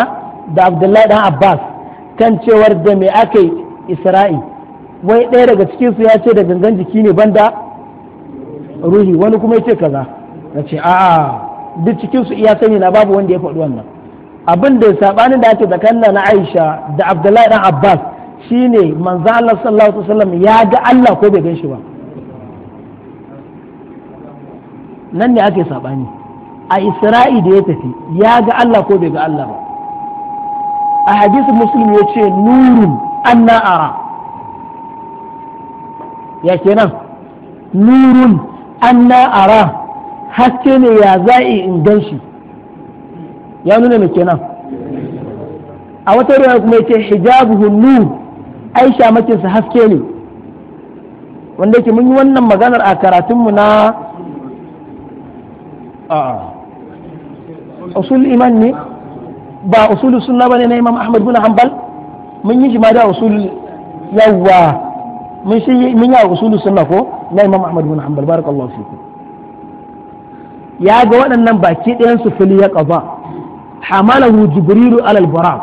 da abdullahi dan abbas kan cewar da me aka yi isra'i wai ɗaya daga cikinsu ya ce da gangan jiki ne banda ruhi wani kuma ya ce kaza na ce a'a duk cikinsu iya sani na babu wanda ya faɗi wannan abin da sabanin da ake tsakanin na Aisha da Abdullahi dan Abbas shine manzo Allah sallallahu alaihi wasallam ya ga Allah ko bai gan shi ba nan ne ake sabani a Isra'i da ya tafi ya ga Allah ko bai ga Allah ba a hadisin muslim ya ce nurun anna ara ya kenan nurun anna ara haske ne ya za'i in gan shi ya nuna mai kenan a wata ruwa kuma yake hijabu hunnu aisha makin sa haske ne wanda yake mun yi wannan maganar a karatunmu na usul iman ne ba usul sunna ne na imam ahmad bin hanbal mun yi shi ma da usul yawwa mun shi mun yi usul sunna ko na imam ahmad bin hanbal barakallahu fiku ya ga waɗannan baki ɗayan su fili ya qaba حمله jibrilu alal البراق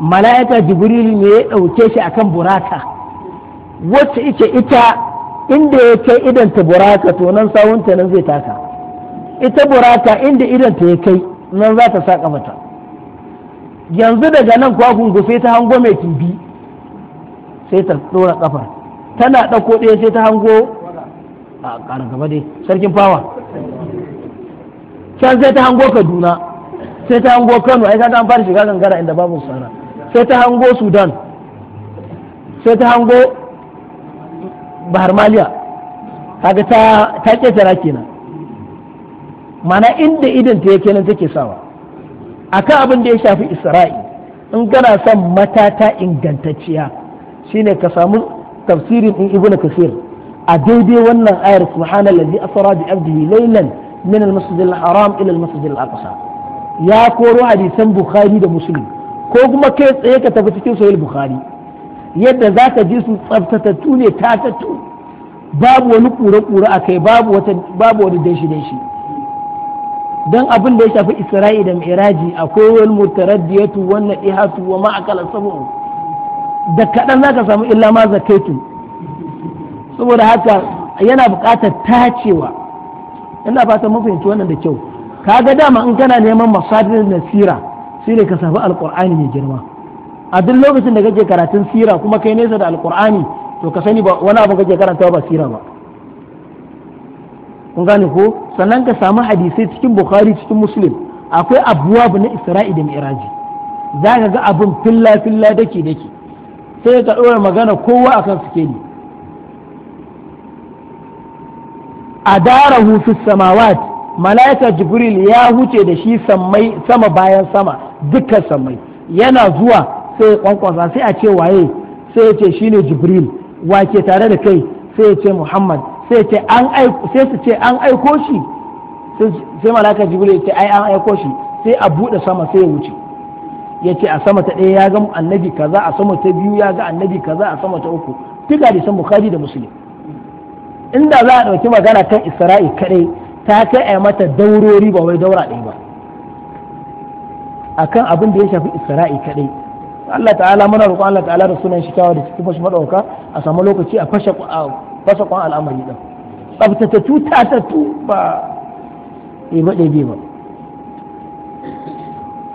mala'ika jibrilu ne ya براكة shi akan buraka wacce ita ita inda ya kai idan ta buraka to nan sawunta zai taka ita buraka inda idan ta ya kai mata yanzu daga nan kwa sai ta hango mai tubi sai ta dora kafa tana dauko ɗaya sai ta hango sarkin fawa can sai ta hango kaduna sai ta hango Kano ai kaga an fara shiga gangara inda babu tsara sai ta hango Sudan sai ta hango Bahar Maliya kaga ta ta ketara kenan mana inda idan ta yake nan take sawa akan abin da ya shafi Isra'i in kana son matata ingantacciya shine ka samu tafsirin in ibnu kasir a daidai wannan ayar subhanallazi asra bi abdihi laylan min al-masjid al-haram ila al-masjid al-aqsa ya koro hadisan bukhari da muslim ko kuma kai tsaye ka tafi cikin sahih bukhari yadda za ka ji su tsaftatattu ne tatattu babu wani kura-kura a kai babu wani danshi-danshi don abin da ya shafi isra'i da miraji akwai wal mutaraddiyatu wannan nadihatu wa akala sabu da kaɗan za ka samu illa ma zakaitu saboda haka yana bukatar tacewa ina fatan fahimci wannan da kyau Ka ga dama in kana neman masadir na sira sai ne ka safi alkurani mai girma a duk lokacin da kake karatun sira kuma kai nesa da alkur'ani to ka sani ba wani abu kake karantawa ba sira ba kun gane ko sannan ka samu hadisai cikin bukhari cikin muslim akwai abuwa na isra'i da mi'raji za ka ga abin filla filla dake dake sai ka ɗora magana kowa a kan suke ne darahu fi samawati mala'ika jibril ya huce da shi sammai sama bayan sama dukkan sammai yana zuwa sai ya kwankwasa sai a ce waye sai ya ce shine jibril wake tare da kai sai ya ce muhammad sai ya ce an aiko sai su ce an aiko shi sai mala'ika jibril ya ce ai an aiko shi sai a bude sama sai ya wuce ya ce a sama ta ɗaya ya ga annabi kaza a sama ta biyu ya ga annabi kaza a sama ta uku da san bukhari da muslim inda za a ɗauki magana kan isra'i kadai ta kai a mata daurori ba wai daura ɗaya ba A kan abin da ya shafi isra'i kadai Allah ta'ala muna roƙon Allah ta'ala da sunan shikawa da cikin fashe maɗauka a samu lokaci a fashe kwan al'amari din ta tattu ba ɗebe ɗebe ba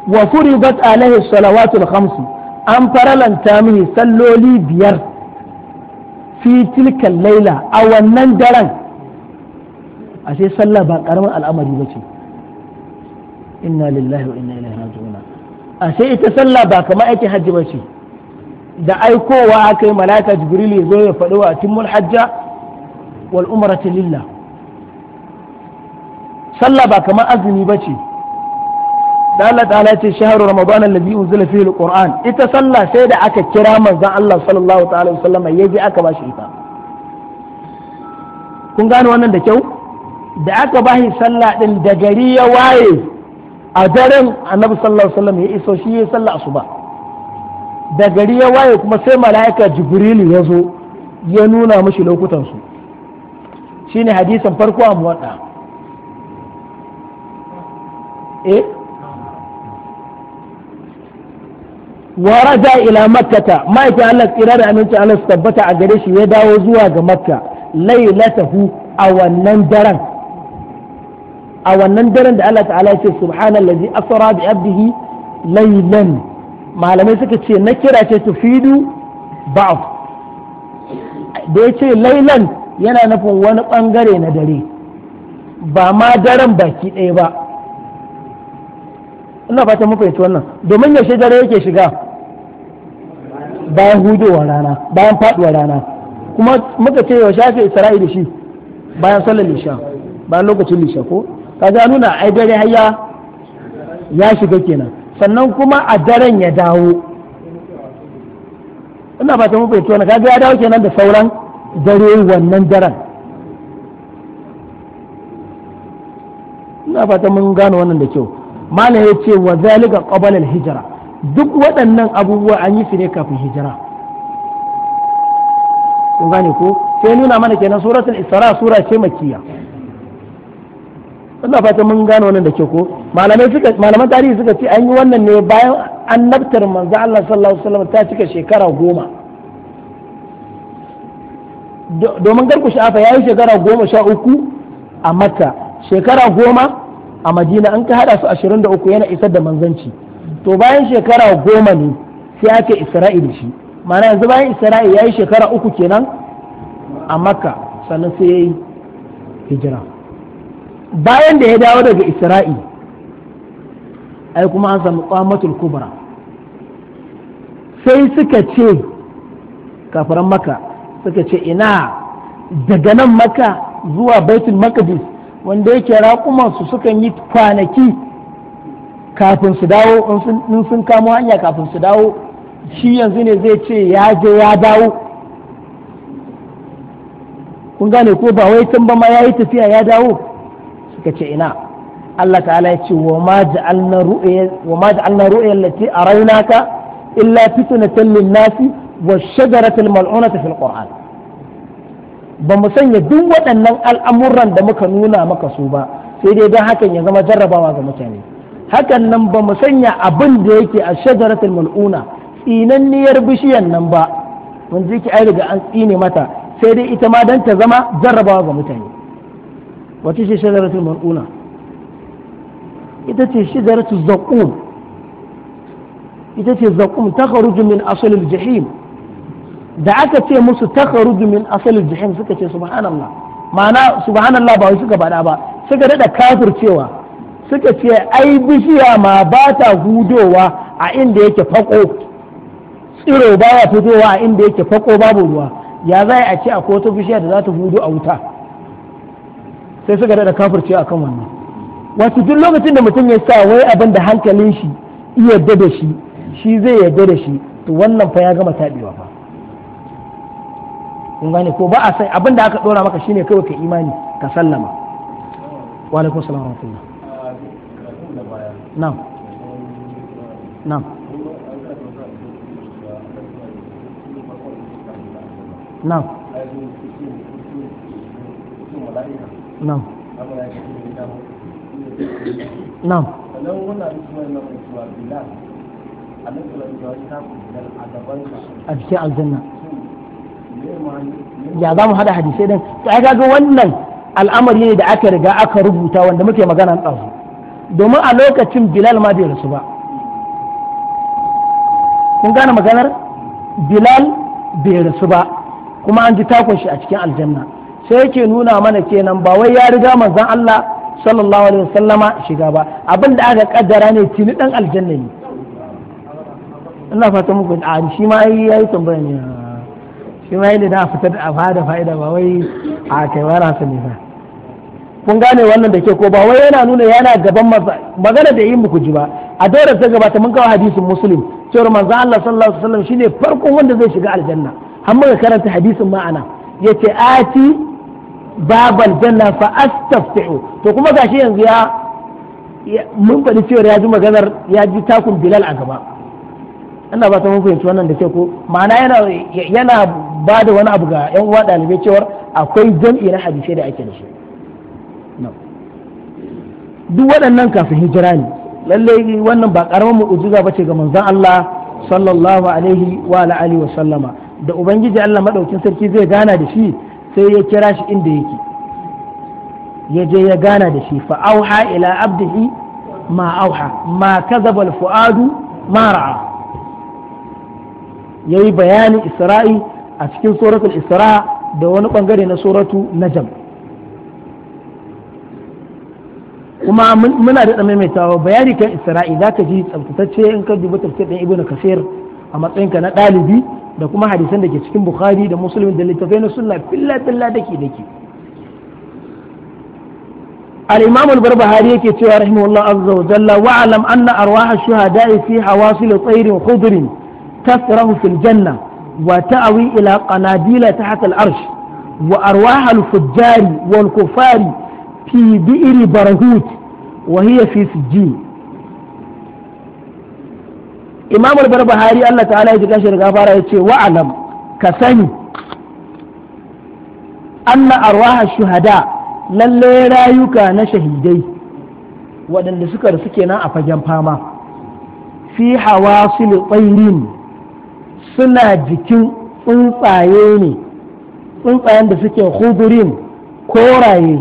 wa furidat alaihi salawatul khamsu an faralanta mini salloli biyar fi tilkan laila a wannan daren ashe sallah ba karamin al'amari ba ce inna lillahi wa inna ilaihi raji'un ashe ita sallah ba kamar ake hajji ba ce da aikowa aka yi malaka jibril ya zo ya faɗo a timmul hajja wal umrata lillah sallah ba kamar azumi ba ce da Allah ta'ala ce shahru ramadan allazi unzila fihi alquran ita sallah sai da aka kira manzon Allah sallallahu ta'ala wasallam yaji aka shi ita kun gane wannan da kyau da aka bashi sallah din da gari ya waye a daren annabi sallallahu alaihi wasallam ya iso shi ya sallah asuba da gari ya waye kuma sai mala'ika jibril ya zo ya nuna mashi lokutan su shine hadisin farko a muwadda eh waraja ila makkata ma'aikin Allah tsira da aminci Allah tabbata a gare shi ya dawo zuwa ga makka lailatahu a wannan daren a wannan daren da Allah ta'ala ce subhanallazi asra bi abdihi laylan malamai suka ce na kira ce fidu ba'af da ya ce laylan yana nufin wani bangare na dare ba ma daren baki ɗaya ba ina fata mu fahimci wannan domin yaushe dare yake shiga bayan hudowar rana bayan faduwar rana kuma muka ce yaushe ake isra'i da shi bayan sallar lisha bayan lokacin lisha ko kaga nuna ai dare hayya ya shiga kenan sannan kuma a daren ya dawo ina ba ta mu bai tona kaga ya dawo kenan da sauran dare wannan daren ina fata mun gano wannan da kyau malam ya ce wa zalika qabala al-hijra duk waɗannan abubuwa an yi su ne kafin hijira kun gane ko sai nuna mana kenan suratul isra sura ce makkiya Allah fata mun gano wannan da ke ko malamai suka malaman tarihi suka ce an yi wannan ne bayan annabtar manzo Allah sallallahu alaihi wasallam ta cika shekara goma domin garku sha'afa ya yi shekara goma sha uku a makka shekara goma a madina an ka hada su ashirin da uku yana isar da manzanci to bayan shekara goma ne sai ake isra'il shi ma'ana yanzu bayan isra'il ya yi shekara uku kenan a makka sannan sai ya yi hijira bayan da ya dawo daga isra'i ai kuma an samu kwamatul kubra sai suka ce kafaran maka suka ce ina daga nan maka zuwa baitul maqdis wanda yake raƙumansu sukan yi kwanaki kafin su dawo in sun kamo hanya kafin su dawo shi yanzu ne zai ce ya je ya dawo kun gane ko ba wai tun ba ma ya yi tafiya ya dawo suka ce ina Allah ta'ala ya ce wa ma ja'alna ru'ya allati araynaka illa fitnatan lin-nasi wa shajaratul mal'unata fil qur'an ba mu sanya duk waɗannan al'amuran da muka nuna maka su ba sai dai don hakan ya zama jarrabawa ga mutane hakan nan ba mu sanya abin da yake a shajaratul mal'una tsinanniyar bishiyan nan ba mun ji ki ai riga an tsine mata sai dai ita ma dan ta zama jarrabawa ga mutane wata ce shajaratul mal'una ita ce shajaratul zaqum ita ce zaqum takharuju min asalil jahim da aka ce musu takharuju min asalil jahim suka ce subhanallah ma'ana subhanallah ba wai suka bada ba suka dada cewa suka ce ai bishiya ma ba ta hudowa a inda yake fako tsiro baya fitowa a inda yake fako babu ruwa ya zai a ce akwai wata bishiya da za ta hudu a wuta sai suka da kafirce akan wannan wasu duk lokacin da mutum ya sa wai abin da hankalin shi iya da shi shi zai yadda da shi to wannan fa ya gama taɓewa fa kun gane ko ba a sai abin da aka ɗora maka shine kawai ka imani ka sallama wa alaikum salam wa rahmatullah na'am na'am na'am ya za mu hada hadisai din to ai wannan al'amari ne da aka riga aka rubuta wanda muke magana an domin a lokacin bilal ma bai rasu ba kun gane maganar bilal bai rasu ba kuma an ji takon a cikin aljanna sai yake nuna mana kenan ba wai ya riga manzon Allah sallallahu alaihi wasallama shiga ba abin da aka kaddara ne tuni dan aljanna ne ina fata muku a shi ma yayi tambaya ne shi ma yayi da fitar da fada fa'ida ba wai a kai wara su ne ba kun gane wannan da ke ko ba wai yana nuna yana gaban magana da yin muku ji ba a daura ta gabata mun kawo hadisin muslim cewar manzo Allah sallallahu alaihi wasallam shine farkon wanda zai shiga aljanna amma muka karanta hadisin ma'ana yace ati babal janna fa astaftihu to kuma gashi yanzu ya mun faɗi cewa ya ji maganar ya ji takun bilal a gaba ina ba ta mun fahimci wannan da ke ko ma'ana yana yana ba da wani abu ga yan uwa ɗalibai cewar akwai jam'i na hadisai da ake da shi duk waɗannan kafin hijira ne lalle wannan ba karamin mu'jiza bace ga manzon Allah sallallahu alaihi wa alihi wa sallama da ubangiji Allah madaukin sarki zai gana da shi sai ya kira shi inda yake ya je ya gana da shi fa auha ila abdihi ma auha ma kazaba alfuadu ma ra'a yayi bayanin isra'i a cikin suratul isra da wani bangare na suratu najm kuma muna da maimaitawa bayani kan isra'i zaka ji tsabtatacce in ka dubi tafsirin ibnu kasir a matsayinka na ɗalibi da kuma hadisan da ke cikin bukhari da muslim da littafai na sunna filla filla dake dake al-imam al-barbahari yake cewa rahimahullah azza wa jalla wa alam anna arwah ash-shuhada'i fi hawasil tayrin khudrin tasrahu fil janna wa ta'wi ila Kanadila tahta al-arsh wa arwah al-fujjari wal-kuffari fi bi'ri barahut wa hiya fi imam al-barbahari Allah ta'ala ya ji gashi daga fara ya ce alam ka sani anna arwaha shuhada lalle rayuka na shahidai waɗanda suka rasu kenan a fagen fama fi hawasil tsairin suna jikin tsuntsaye ne tsuntsayen da suke hudurin koraye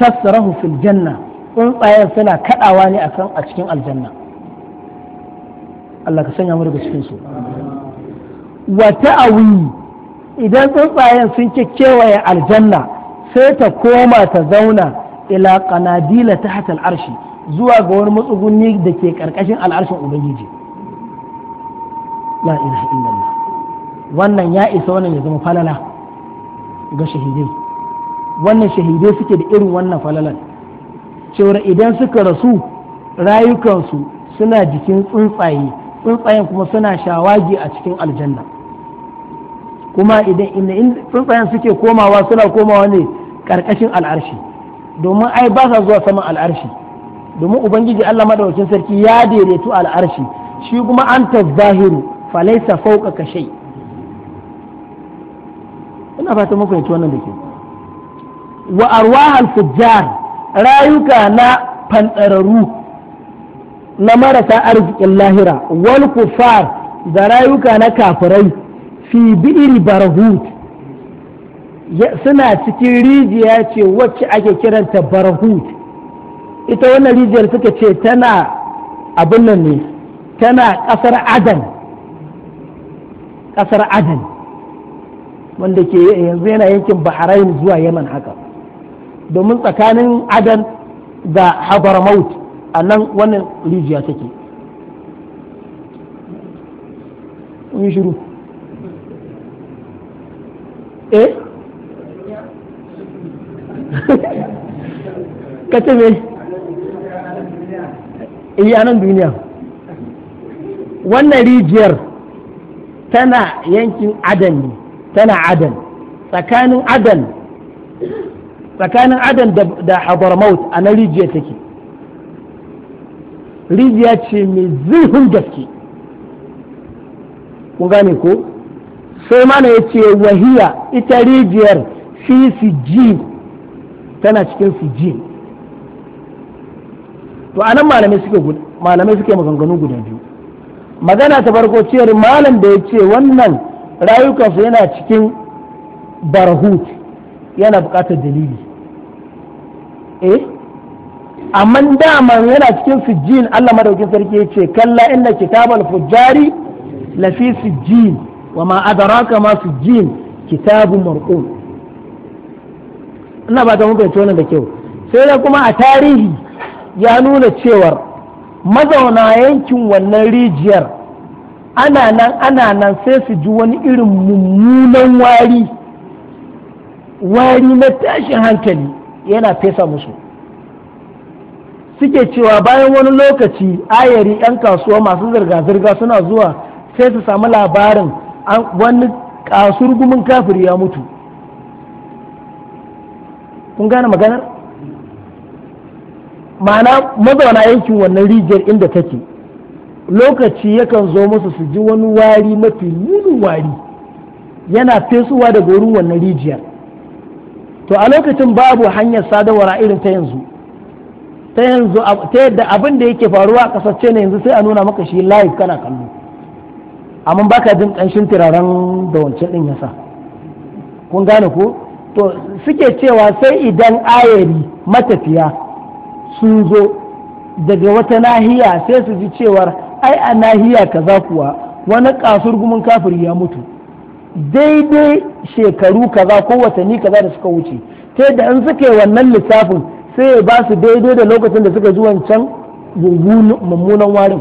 tasrahu fil janna tsuntsayen suna kadawa ne akan a cikin aljanna Allah ka sanya mu daga cikin su wa ta'awi idan tsuntsayen sun kewaye aljanna sai ta koma ta zauna ila qanadila tahta al-arshi zuwa ga wani matsuguni da ke karkashin al'arshin ubangiji la ilaha illallah wannan ya isa wannan ya zama falala ga shahidai wannan shahidai suke da irin wannan falalan cewa idan suka rasu rayukansu suna jikin tsuntsaye tsuntsayen kuma suna shawagi a cikin aljanna kuma idan tsuntsayen suke komawa suna komawa ne karkashin al'arshi domin ai ba sa zuwa saman al'arshi domin ubangiji Allah madaukakin sarki ya daidaitu al'arshi shi kuma an tazahiru falaisa fauka kashe. ina fata muku yanki wannan da ke wa arwahal fujjar rayuka na fantsararru na marasa arzikin lahira wal kufar da rayuka na kafirai fi bi'iri barhut suna cikin rijiya ce wacce ake kiranta barhut ita wannan rijiyar suka ce tana abin nan ne tana kasar adan kasar adan wanda ke yanzu yana yankin bahrain zuwa yaman haka domin tsakanin adan da mauti a nan wannan rijiya take yi shiru eh kace me iya eh, nan duniya wannan rijiyar tana yankin adan ne tana adan tsakanin adan tsakanin adan da maut a na rijiyar take rijiya ce mai zurfin gaske kun gane ko sai mana ya ce wahiya ita rijiyar fi sijin tana cikin sijin to a nan malamai suke maganganu guda biyu magana ta farko cewar malam da ya ce wannan rayukansu yana cikin barahut yana bukatar dalili eh amma dama yana cikin sijjin Allah madaukin sarki yace kalla inna kitabal fujjari fi sijjin wa ma adraka ma sijjin kitabun marqum ina ba ta muka tona da kyau sai da kuma a tarihi ya nuna cewar mazauna yankin wannan rijiyar ana nan ana nan sai su ji wani irin mummunan wari wari na tashin hankali yana fesa musu suke cewa bayan wani lokaci ayari 'yan kasuwa masu zirga-zirga suna zuwa sai su samu labarin wani gumin kafiri ya mutu kun gane maganar ma'ana mazauna yankin wannan rijiyar inda take lokaci yakan zo musu su ji wani wari mafi nunin wari yana fesuwa daga wurin wannan rijiyar to a lokacin babu hanyar sadarwa irin ta yanzu ta yanzu ta yadda abin da yake faruwa a kasance ne yanzu sai a nuna maka shi live kana kallo amma baka jin ƙanshin turaren da wancan din yasa kun gane ko to suke cewa sai idan ayari matafiya sun zo daga wata nahiya sai su ji cewar ai a nahiya kaza kuwa wani kasur gumin kafiri ya mutu daidai shekaru kaza ko watanni kaza da suka wuce ta yadda in suka yi wannan lissafin sai ya ba su daidai da lokacin da suka ji can mummunan warin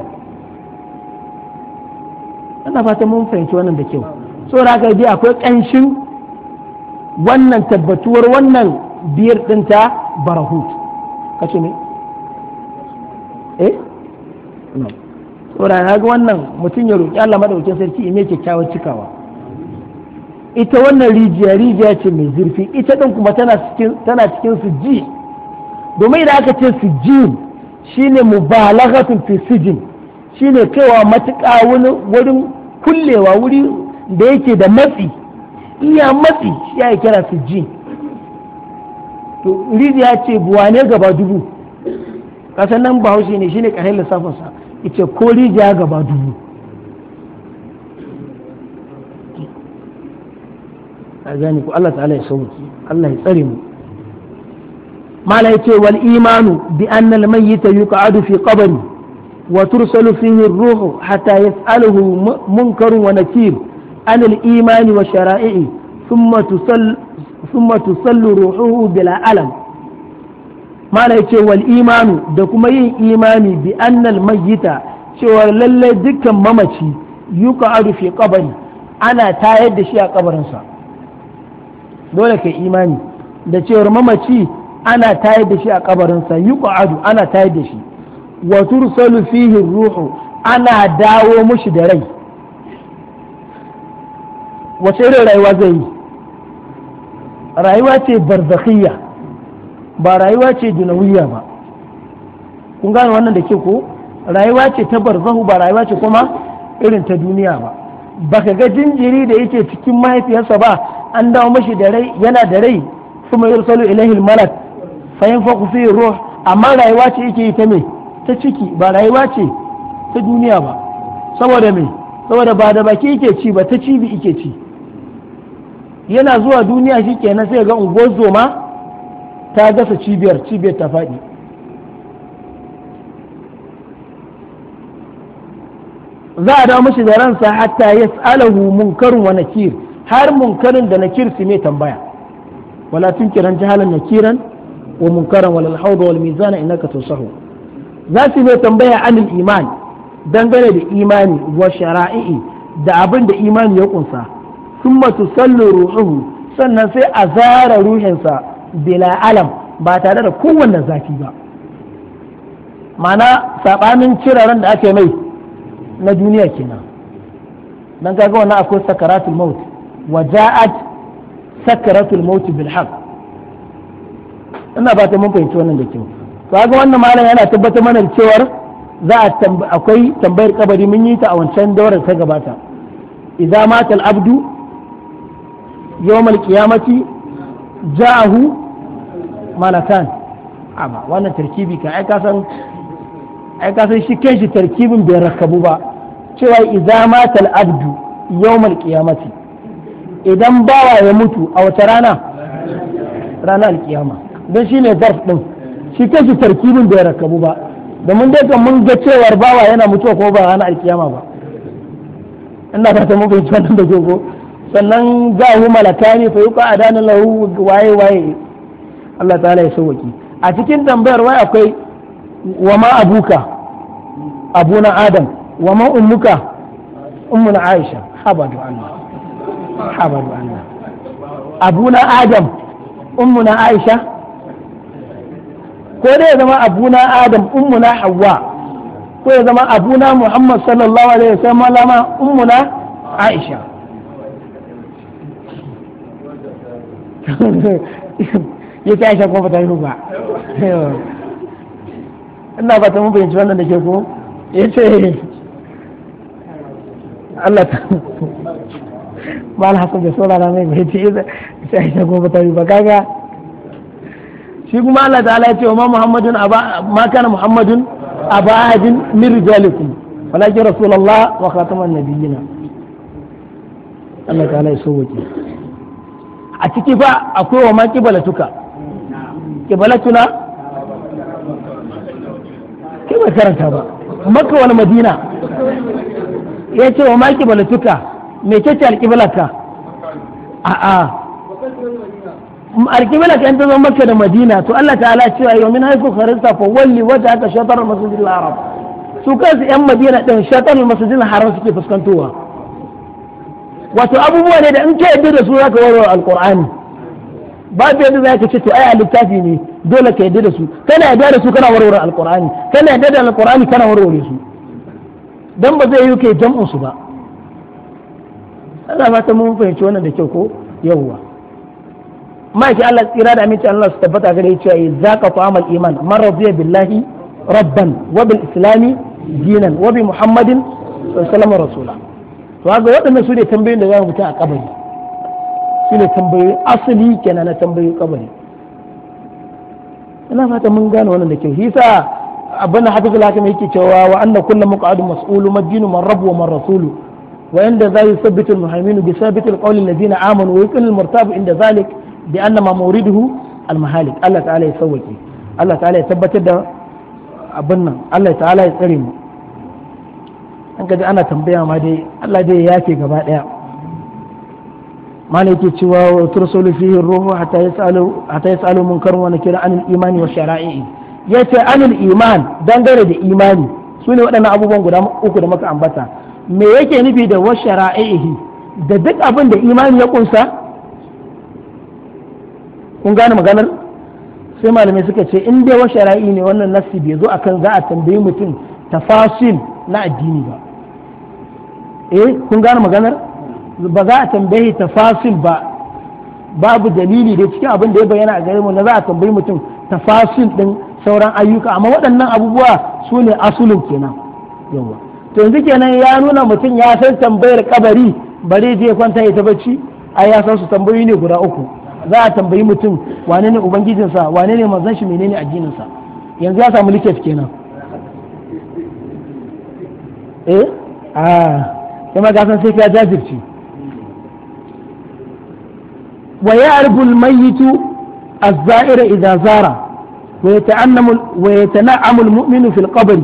ana fata mun fahimci wannan da kyau saboda haka dai akwai ƙanshin wannan tabbatuwar wannan biyar ɗinta barahut kace ne eh no saboda na ga wannan mutum ya roƙi Allah madaukakin sarki in yake kyakkyawar cikawa ita wannan rijiya rijiya ce mai zurfi ita ɗin kuma tana cikin tana cikin su ji domin idan aka ce sijin shine mubalaghatun fi sijin shine kaiwa matuƙa wurin kullewa wuri da yake da matsi iya matsi shi ya kira sijin to ridi ya ce buwane gaba dubu kasan nan ba haushi ne shine ƙarshen lissafinsa ita ko rijiya gaba dubu a gani ku Allah ta'ala ya sauki Allah ya tsare mu mala yace wal imanu bi anna al mayyita yuq'adu fi qabri wa tursalu fihi ar-ruh hatta yas'aluhu munkarun wa nakir an imani wa shara'i'i thumma tusall thumma tusallu ruhuhu bila alam mala yace imanu da kuma yin imani bi anna al yita cewar lallai dukkan mamaci yuq'adu fi qabri ana tayar da shi a kabarinsa dole kai imani da cewar mamaci ana tayar da shi a kabarinsa yuqadu ana tayar da shi wa tursalu fihi ruhu ana dawo mushi da rai wace irin rayuwa zai yi rayuwa ce barzakhiyya ba rayuwa ce dunawiyya ba kun gane wannan da ke ko rayuwa ce ta barzahu ba rayuwa ce kuma irin ta duniya ba baka ga jinjiri da yake cikin mahaifiyarsa ba an dawo mashi da rai yana da rai kuma yursalu ilaihi malak fa yin fi amma rayuwa ce yake yi ta ta ciki ba rayuwa ce ta duniya ba saboda me saboda ba da baki yake ci ba ta cibi yake ci yana zuwa duniya shi kenan sai ga ungozo zoma ta gasa cibiyar cibiyar ta faɗi za a dawo mashi da ransa hatta ya tsalahu munkarun wa nakir har munkarin da nakir su mai tambaya wala tun kiran jahalan nakiran wa munkaran wal haud wal mizan innaka tusahu za su ne tambaya anil iman dangane da imani wa shara'i da abin da imani ya kunsa thumma tusallu ruhuhu sannan sai a zara ruhinsa bila alam ba tare da kowanne zafi ba Ma'ana sabanin ciraren da ake mai na duniya kenan dan kaga wannan akwai sakaratul maut wa ja'at sakaratul maut bil ina ta mun fahimci wannan da kyau to ga wannan malam yana tabbatar mana cewa za a akwai tambayar kabari mun yi ta a wancan daurar ta gabata idza matal abdu yawmal qiyamati ja'ahu malakan amma wannan tarkibi ka ai ka san ai ka san shi shi tarkibin bai rakabu ba cewa idza matal abdu yawmal qiyamati idan bawa ya mutu a wata rana rana alkiyama don shi ne zarf ɗin shi kanshi tarkibin bai rakabu ba domin dai kan mun ga cewar bawa yana mutuwa ko ba ana alkiyama ba ina fata mun fahimci wannan da gogo sannan za a hu lakani fa yi a danin lahu waye waye Allah ta ya sauwaki a cikin tambayar wai akwai wa ma abuka na adam wa ma ummuka na aisha habadu Allah habadu Allah na adam na aisha ko dai ya zama abuna adam ummuna hawa ko ya zama abuna muhammad sallallahu alaihi wasallam lama ummuna aisha ya ce aisha kuma ba ta yi ba Allah ba ta mu fahimci wannan da ke ko ya ce Allah ta ba alhassan bai saurara mai mai ce aisha kuma ba ta yi ba kaga shi kuma Allah ta'ala ya ce wa ma muhammadun ma kana muhammadun aba ahadin min rijalikum walakin rasulullah wa khataman nabiyina Allah ta'ala ya sauke a ciki fa akwai wa ma kibalatuka kibalatuna ke ba karanta ba makka wal madina ya ce wa ma kibalatuka me kake ka a'a alkibla kan ta zo makka da madina to Allah ta'ala cewa yau min haiku kharista fa walli wata aka shatar masjid al-arab su kansu yan madina din shatar masjid al-haram suke fuskantowa wato abubuwa ne da in ka yadda da su zaka warware alqur'ani babu yadda zaka ce to ai a littafi ne dole ka yadda da su kana yadda da su kana warware alqur'ani kana yadda da alqur'ani kana warware su dan ba zai yi kai jam'un su ba Allah fata mun fahimci wannan da kyau ko yawwa ma'aikin Allah tsira da aminci Allah su tabbata gare cewa ya zaka amal iman man radiya billahi rabban wa bil islami dinan wa bi muhammadin sallallahu rasula to ga waɗannan su ne tambayoyin da za mu fita a kabari su ne tambayoyi asali kenan na tambayoyi kabari ina fata mun gane wannan da kyau hisa abin da hafizul hakim yake cewa wa anna kullu muqaddim mas'ulu madinu man rabbu wa man rasulu وعند ذلك يثبت المهيمن بثابت amanu الذين امنوا ويقل المرتاب عند ذلك bi anna ma muriduhu al mahalik Allah ta'ala ya sauke Allah ta'ala ya tabbatar da abin nan Allah ta'ala ya tsare mu an ga ana tambaya ma dai Allah dai ya yake gaba daya malai ke cewa wa tursulu fihi ruhu hatta yasalu hatta yasalu munkar wa nakira anil imani wa shara'i yace anil iman dangare da imani sune waɗannan abubuwan guda uku da muka ambata me yake nufi da wa shara'i da duk abin da imani ya kunsa kun gane maganar sai malamai suka ce in dai wa shari'i ne wannan nassi bai zo akan za a tambayi mutum tafasil na addini ba eh kun gane maganar ba za a tambayi tafasil ba babu dalili da cikin abin da ya bayyana a gare mu na za a tambayi mutum tafasil din sauran ayyuka amma waɗannan abubuwa su ne asulin kenan yawa to yanzu kenan ya nuna mutum ya san tambayar kabari bare je kwanta ya ta bacci ai ya san su tambayoyi ne guda uku za a tambayi mutum wane ne ubangijinsa wane ne manzon shi menene addininsa yanzu ya samu likit kenan eh a ah. kuma ga san sai ka jajirci wa ya'rifu al-mayyitu az-za'ira idza zara wa yata'annamu wa yatana'amu al-mu'minu fil qabri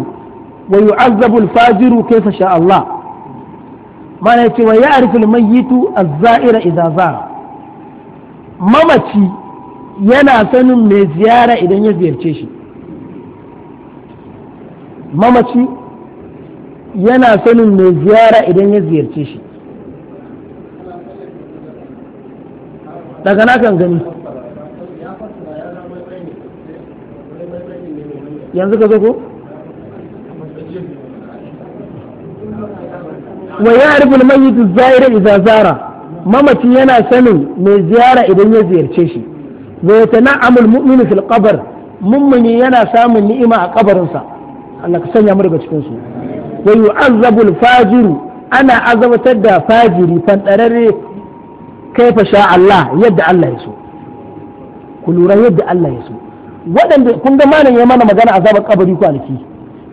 wa yu'azzabu al-fajiru kayfa sha'a Allah mana yace wa ya'rifu al-mayyitu az-za'ira idza zara mamaci yana sanin mai ziyara idan ya ziyarce shi mamaci yana sanin mai ziyara idan ya ziyarce shi daga na kan gani yanzu ka zo ko? wa ya rufe mai yi zahira idan zara mamaci yana sanin mai ziyara idan ya ziyarce shi wa yatana'amul mu'minu fil qabr mummuni yana samun ni'ima a kabarinsa Allah ka sanya mu daga cikin su wa al fajiru ana azabtar da fajiri kai fa sha Allah yadda Allah ya so ku lura yadda Allah ya so waɗanda kun ga malam ya mana magana azabar kabari kwanaki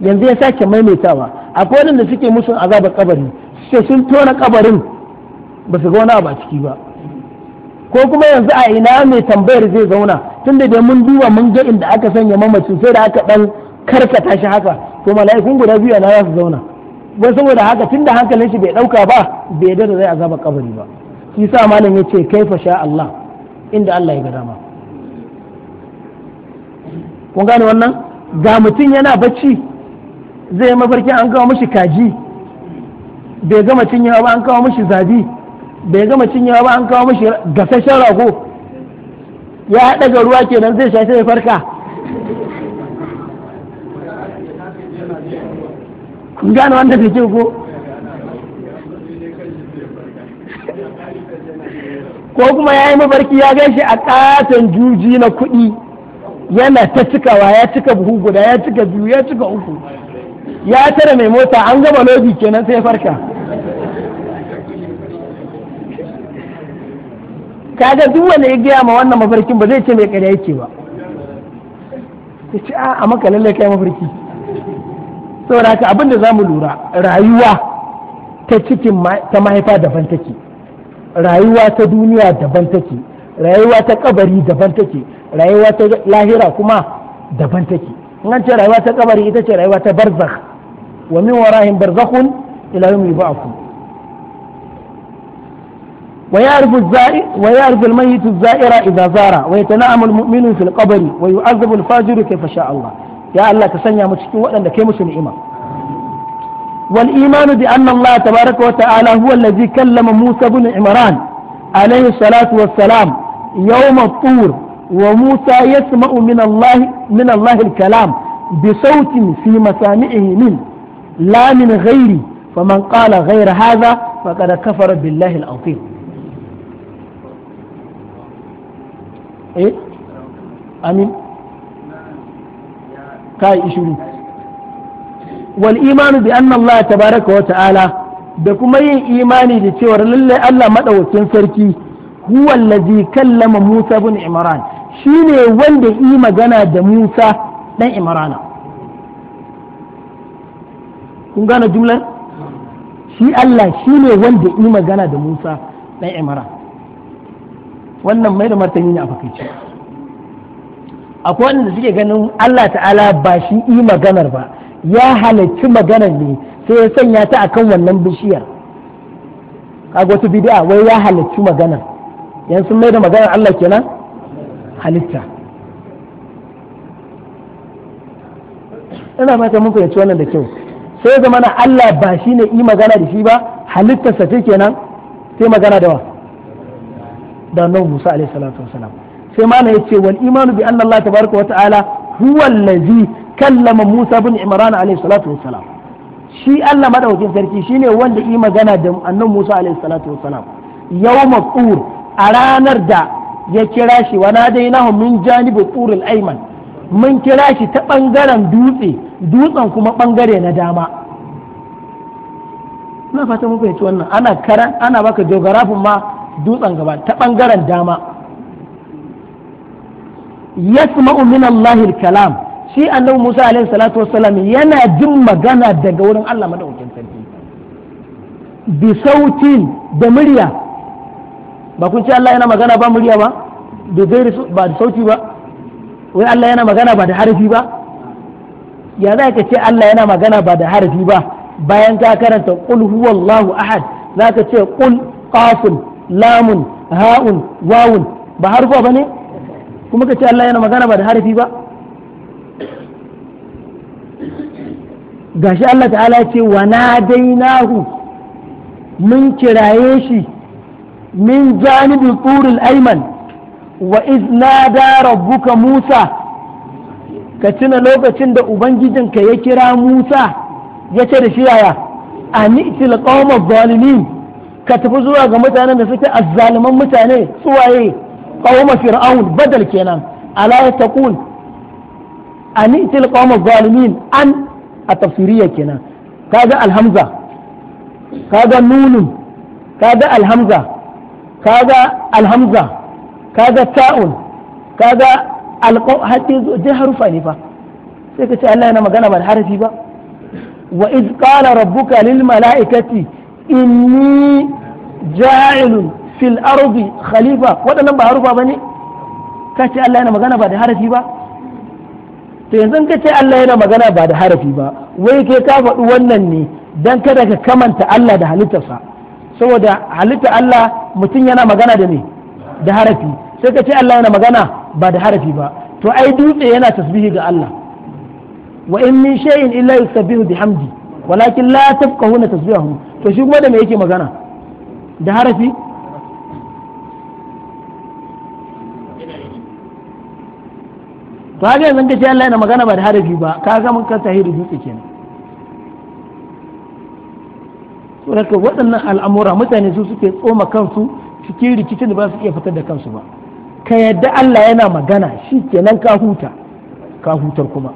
yanzu ya sake maimaitawa akwai waɗanda suke musu azabar kabari sai sun tona kabarin ba su ga wani abu ciki ba ko kuma yanzu a ina mai tambayar zai zauna tun da mun duba mun ga inda aka sanya mamacin sai da aka dan karkata shi haka to mala'ikun guda biyu na za su zauna wai saboda haka tun da hankalin shi bai ɗauka ba bai da zai azaba kabari ba shi sa malam yace fa sha Allah inda Allah ya ga dama kun gane wannan ga mutum yana bacci zai mafarki an kawo mishi kaji bai gama cinyewa ba an kawo mishi zabi bai gama cinyewa ba an kawo mashi gasashen rago ya daga ruwa kenan zai sha sai farka kun gane wanda ke ko ko kuma ya yi mafarki ya gaishe a katon juji na kuɗi yana ta cikawa ya cika buhu guda ya cika biyu ya cika uku ya tara mai mota an gama lobi kenan sai farka kaga duk wanda ya gaya ma wannan mafarkin ba zai ce mai ƙarya yake ba ce a maka lallai kai mafarki saboda haka abin da zamu lura rayuwa ta cikin ta mahaifa daban take rayuwa ta duniya daban take rayuwa ta kabari daban take rayuwa ta lahira kuma daban take in ce rayuwa ta kabari ita ce rayuwa ta barzakh wa min warahin barzakhun ila yawmi ba'akum ويعرف الزائر ويعرف الميت الزائر إذا زار ويتنعم المؤمن في القبر ويعذب الفاجر كيف شاء الله يا الله كسنيا مسكين وأنا كيمس الإيمان والإيمان بأن الله تبارك وتعالى هو الذي كلم موسى بن عمران عليه الصلاة والسلام يوم الطور وموسى يسمع من الله من الله الكلام بصوت في مسامعه من لا من غيره فمن قال غير هذا فقد كفر بالله العظيم eh amin kai ishuru wal imanu bi anna Allah tabaraka wa ta'ala da kuma yin imani da cewa lallai Allah madaukakin sarki huwa allazi kallama Musa bin Imran shine wanda yi magana da Musa dan Imrana kun gane jumlar shi Allah shine wanda yi magana da Musa dan Imran wannan mai da martani ne a fakaice akwai wanda suke ganin Allah ta'ala ba shi yi maganar ba ya halarci maganar ne sai ya sanya ta akan wannan bishiyar kaga wata bid'a wai ya halarci maganar yan sun mai da maganar Allah kenan halitta ina fata mun ci wannan da kyau sai ya zama na Allah ba shi ne yi magana da shi ba halittarsa ce kenan sai magana da wa da annabi Musa alaihi salatu wasalam sai malam yace wal imanu bi anna Allah tabaraka wa huwa allazi kallama Musa bin Imran alaihi salatu wasalam shi Allah maɗaukin sarki shine wanda yi magana da annabi Musa alaihi salatu wasalam yawma tur a ranar da ya kira shi wa nadainahu min janibi turil ayman mun kira shi ta bangaren dutse dutsen kuma bangare na dama na fata mun fahimci wannan ana geografin ma dutsen gaba ta ɓangaren dama yasma'u min Allahil kalam shi annabi Musa alaihi salatu wassalam yana jin magana daga wurin Allah madaukakin sarki bi sautin da murya ba kun ce Allah yana magana ba murya ba da gairi ba da sauti ba wai Allah yana magana ba da harfi ba ya za ka ce Allah yana magana ba da harfi ba bayan ka karanta qul huwallahu ahad za ka ce qul qasim lamun ha'un wawun ba harfa ba ne kuma ka ce Allah yana magana ba da harafi ba gashi Allah ta'ala ce wa na hu mun kiraye shi min janibin turul aiman wa iznada rabbuka musa ka tuna lokacin da ubangijinka ya kira musa ya ce da shi yaya a ni'til qawma zalimin ka tafi zuwa ga mutanen da suke azzaluman mutane suwaye qauma fir'aun badal kenan ala yattaqun an itil qauma zalimin an a tafsiriya kenan ga alhamza nunu nunun ga alhamza ga alhamza ga ta'un kaga alqaw hatta dai harufa ne fa sai ka ce Allah yana magana ba da harafi ba wa iz qala rabbuka lil mala'ikati inni ja'ilun fil ardi khalifa waɗannan ba harufa bane ka ce Allah yana magana ba da harafi ba to yanzu ka Allah yana magana ba da harafi ba wai ke ka faɗi wannan ne dan kada ka kamanta Allah da halittarsa saboda halitta Allah mutum yana magana da me da harafi sai kace ce Allah yana magana ba da harafi ba to ai dutse yana tasbihi ga Allah wa in min shay'in illa yusabbihu bihamdi walakin la tafqahuna tasbihahum to shi kuma da me yake magana da harafi to haka yanzu kace Allah yana magana ba da harafi ba ka ga mun kan tahiru dutse kenan to haka waɗannan al'amura mutane su suke tsoma kansu cikin rikicin da ba su iya fitar da kansu ba ka yadda Allah yana magana shi kenan ka huta ka hutar kuma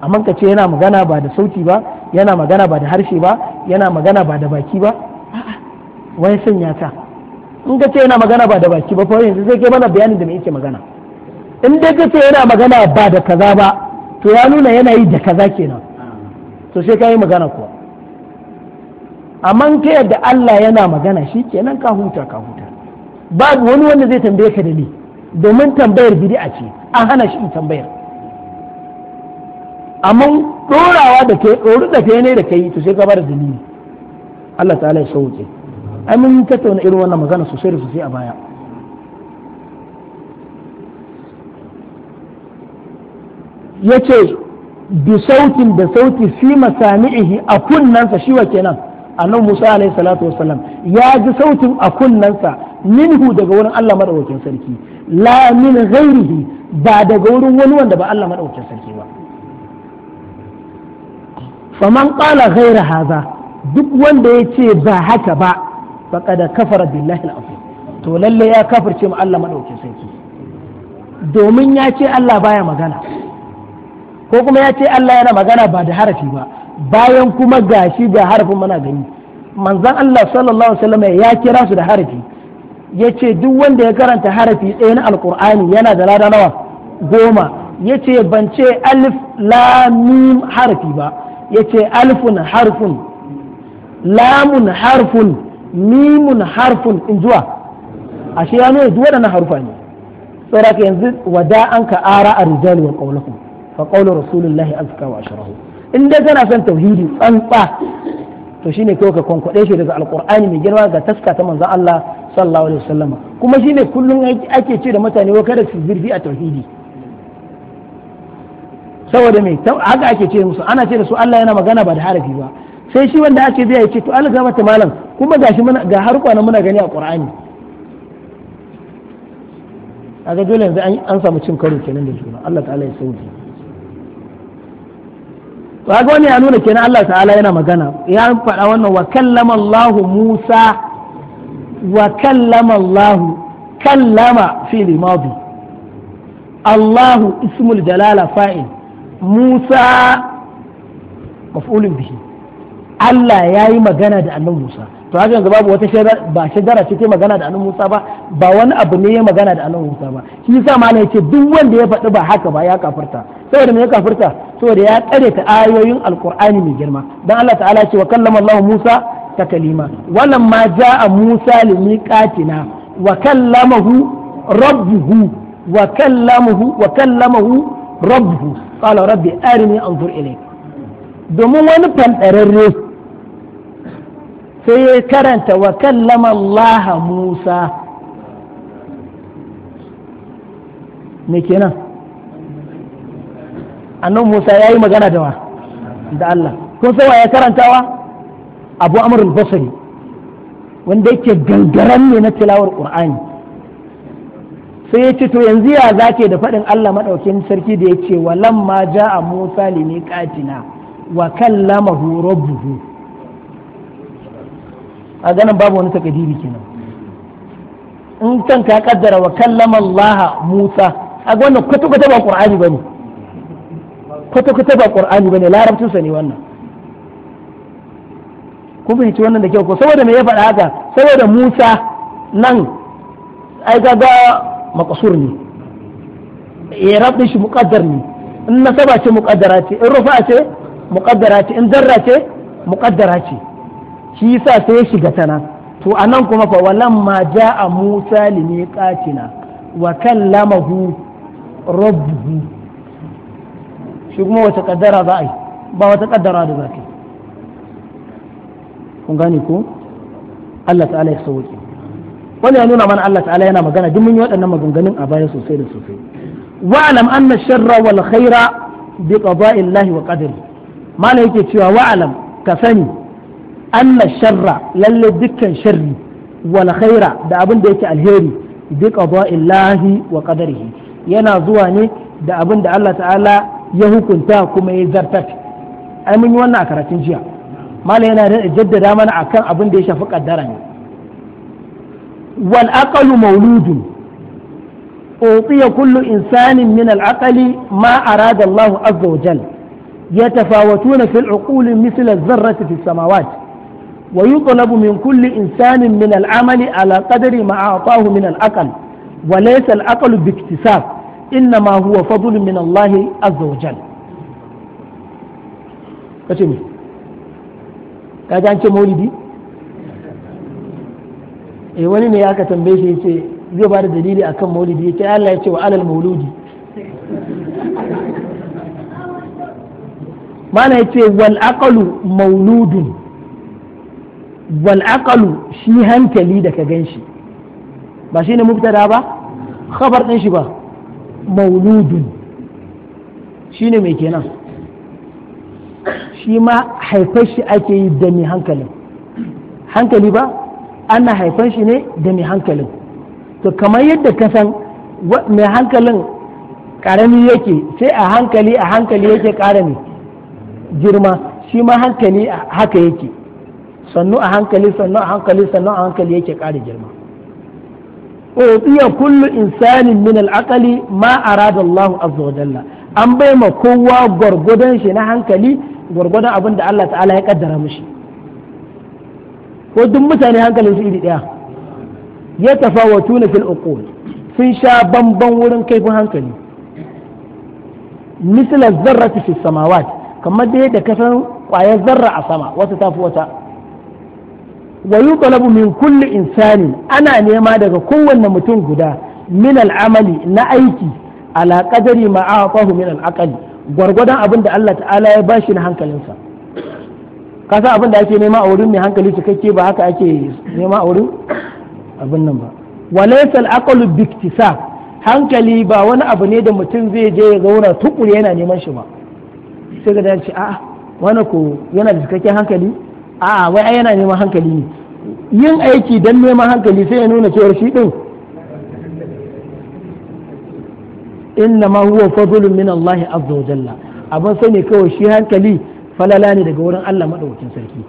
amma ka ce yana magana ba da sauti ba yana magana ba da harshe ba yana magana ba da baki ba wai sanya ta in ka ce yana magana ba da baki ba fa yanzu zai ke mana bayanin da me yake magana in dai ka ce yana magana ba da kaza ba to ya nuna yana yi da kaza kenan to sai ka yi magana kuwa amma ka yadda Allah yana magana shi kenan ka huta ka huta babu wani wanda zai tambaye ka da ni domin tambayar bid'a ce an hana shi tambayar amma dorawa da ke dori da ke ne da kai to sai ka da dalili Allah ta'ala ya sauke ai mun tattauna irin wannan magana sosai da sosai a baya yace bi sautin da sauti fi masami'ihi a kunnansa shi wa kenan annabi Musa alaihi salatu wasallam ya ji sautin a kunnansa minhu daga wurin Allah madaukakin sarki la min ghairihi ba daga wurin wani wanda ba Allah madaukakin sarki ba faman qala ghaira haza duk wanda ya ce ba haka ba da kafara billahi al to lalle ya ce mu Allah madaukakin sarki domin ya ce Allah baya magana ko kuma ya ce Allah yana magana ba da harafi ba bayan kuma gashi ga harafin mana gani manzan Allah sallallahu alaihi wasallam ya kira su da harafi ya ce duk wanda ya karanta harafi ɗaya na alkur'ani yana da lada nawa goma ya ce ban ce alif lamim harafi ba yace alfun harfun lamun harfun mimun harfun in zuwa ashe ya nuna duk waɗannan harufa ne saboda yanzu wada'anka ara arrijal wa qawlukum fa qawlu rasulillahi azka wa ashrahu in dai kana son tauhidi tsantsa to shine kawai ka konkwade shi daga alqur'ani mai girma ga taska ta manzon Allah sallallahu alaihi wasallam kuma shine kullum ake ce da mutane wa kada su zirfi a tauhidi saboda me haka ake ce musu ana ce da su Allah yana magana ba da harafi ba sai shi wanda ake biya ya ce to Allah ga mata malam kuma gashi muna ga muna gani a Qur'ani aga dole yanzu an samu cin karo kenan da juna Allah ta'ala ya sauke to haka wani ya nuna kenan Allah ta'ala yana magana ya faɗa wannan wa kallama Allahu Musa wa kallama Allahu kallama fi limadi allahu ismul jalala fa'il Musa maf'ulun bihi Allah ya yi magana da annabi Musa to haka yanzu babu wata ba shadara ce ta magana da Musa ba ba wani abu ne ya magana da annabi Musa ba shi yasa malam yace duk wanda ya faɗi ba haka ba ya kafirta saboda me ya kafirta saboda ya tsare ta ayoyin alkur'ani mai girma dan Allah ta'ala ya ce wa kallama Allah Musa takalima ma ja'a Musa limiqatina wa kallamahu rabbuhu wa kallamahu wa kallamahu rabbuhu qala rabbi arini anzur ilayk domin wani fandararre sai ya karanta wa kallama Allah yayi magana da wa da ya karantawa Abu wanda yake gangaran ne na tilawar Qur'ani sai ya ce to yanzu ya zake da faɗin Allah maɗaukin sarki da ya ce lamma ma a Musa katina wa horo rabbuhu a ganin babu wani takadiri kenan in kan ka kaddara wa kallama Allah Musa a wannan kwata kwata ba Qur'ani bane kwata kwata ba Qur'ani bane larabcin sa ne wannan ku fahimci wannan da kyau ko saboda me ya faɗa haka saboda Musa nan ai ga maqsur ne i'rab din shi muqaddar ne in nasaba ce muqaddara ce in rufa ce muqaddara ce in darra ce muqaddara ce shi yasa sai ya shiga tana to nan kuma fa walamma ja'a musa katina, wa kallamahu rabbuhu shi kuma wata kaddara za a yi ba wata kaddara da za ka yi kun gane ko Allah ta'ala ya sauke wani ya nuna mana Allah ta'ala yana magana duk mun yi waɗannan maganganun a baya sosai da sosai wa'alam anna sharra wal khaira bi qada'illahi wa qadari mala yake cewa wa'alam ka sani anna sharra lalle dukkan sharri wal khaira da abin da yake alheri bi qada'illahi wa qadarihi yana zuwa ne da abin da Allah ta'ala ya hukunta kuma ya zartar ai mun yi wannan a karatun jiya malam yana jaddada mana akan abin da ya shafi kaddara ne wal aqalu mauludun أعطي كل إنسان من العقل ما أراد الله عز وجل يتفاوتون في العقول مثل الذرة في السماوات ويطلب من كل إنسان من العمل على قدر ما أعطاه من العقل وليس العقل باكتساب إنما هو فضل من الله عز وجل كتمي كذا أنت مولدي eh wani ne aka tambaye shi yace zai ba da dalili akan maulidi yace Allah ya ce wa alal mauludi mana yace wal aqalu mauludun wal aqalu shi hankali da ka ganshi ba shine mubtada ba khabar din shi ba mauludun shine mai kenan shi ma haifar shi ake yi da mai hankalin hankali ba ana haifan shi ne da mai hankalin to kamar yadda ka san mai hankalin karami yake sai a hankali a hankali yake karami girma shi ma hankali haka yake sannu a hankali sannu a hankali sannu a hankali yake ƙara girma utiya kullu insanin min al'aqali ma arada Allah azza wa jalla an bai ma kowa gwargwadon shi na hankali gwargwadon abin da Allah ta'ala ya kaddara mishi ko duk mutane hankalin su iri daya ya tafawatu tuna fil uqul sun sha bamban wurin kaifin hankali misla zarrati fi samawat kamar da yadda kasan kwayar zarra a sama wata tafi wata wa yuqalabu min kulli insani ana nema daga kowanne mutum guda min al'amali na aiki ala qadari ma a'tahu min al'aqli gwargwadon abin da Allah ta'ala ya bashi na hankalinsa ka san abin da ake nema a wurin mai hankali cikakke ba haka ake nema a wurin abin nan ba wale al-aqlu biktisa hankali ba wani abu ne da mutum zai je ya zauna tukuri yana neman shi ba sai ga dace a wani ko yana da cikakken hankali a'a wai ai yana neman hankali ne yin aiki dan neman hankali sai ya nuna cewa shi din inna ma huwa fadlun min Allah azza wa jalla abin sani kawai shi hankali falala ne daga wurin Allah madaukakin sarki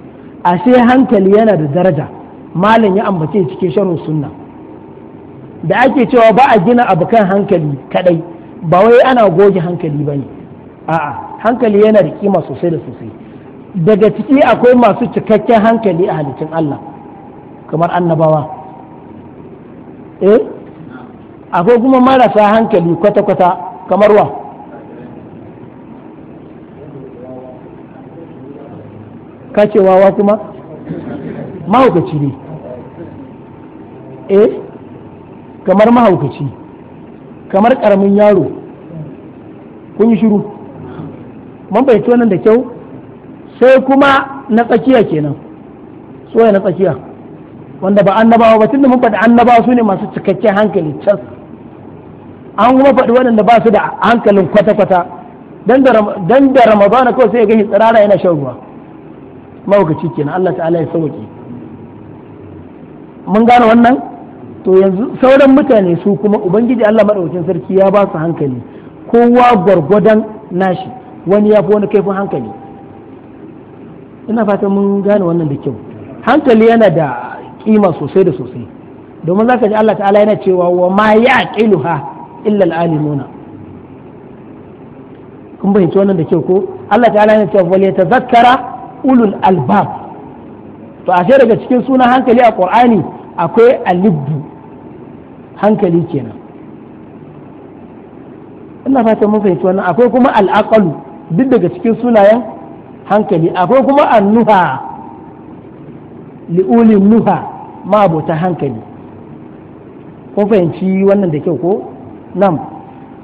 ashe hankali yana da daraja malam ya ambace cikin sharhu sunna da ake cewa ba a gina abu kan hankali kadai ba wai ana goge hankali bane a'a hankali yana da kima sosai da sosai daga ciki akwai masu cikakken hankali a halittun Allah kamar annabawa eh akwai kuma marasa hankali kwata-kwata kamar wa ka ce wawa kuma mahaukaci ne eh kamar mahaukaci kamar karamin yaro kun yi shiru man bai wannan da kyau sai kuma na tsakiya kenan soya na tsakiya wanda ba annabawa ba tunda mun faɗi annabawa su ne masu cikakken hankali can an kuma faɗi waɗanda ba su da hankalin kwata-kwata dan da ramadana kawai sai ya ga tsirara yana shan ruwa mawakaci kenan Allah ta'ala ya sauke mun gane wannan to yanzu sauran mutane su kuma ubangiji Allah maɗaukin sarki ya ba su hankali kowa gwargwadon nashi wani ya fi wani kaifin hankali ina fata mun gane wannan da kyau hankali yana da kima sosai da sosai domin za ka ji Allah ta'ala yana cewa wa ma ha illa al nuna kun bayyana wannan da kyau ko Allah ta'ala yana cewa ta zakkara. ulul albab to ashe daga cikin sunan hankali a qur'ani akwai alibbu hankali kenan ina fata mun fahimci wannan akwai kuma al'aqalu duk daga cikin sunayen hankali akwai kuma annuha li'ulin nuha ma abota hankali kun fahimci wannan da kyau ko nan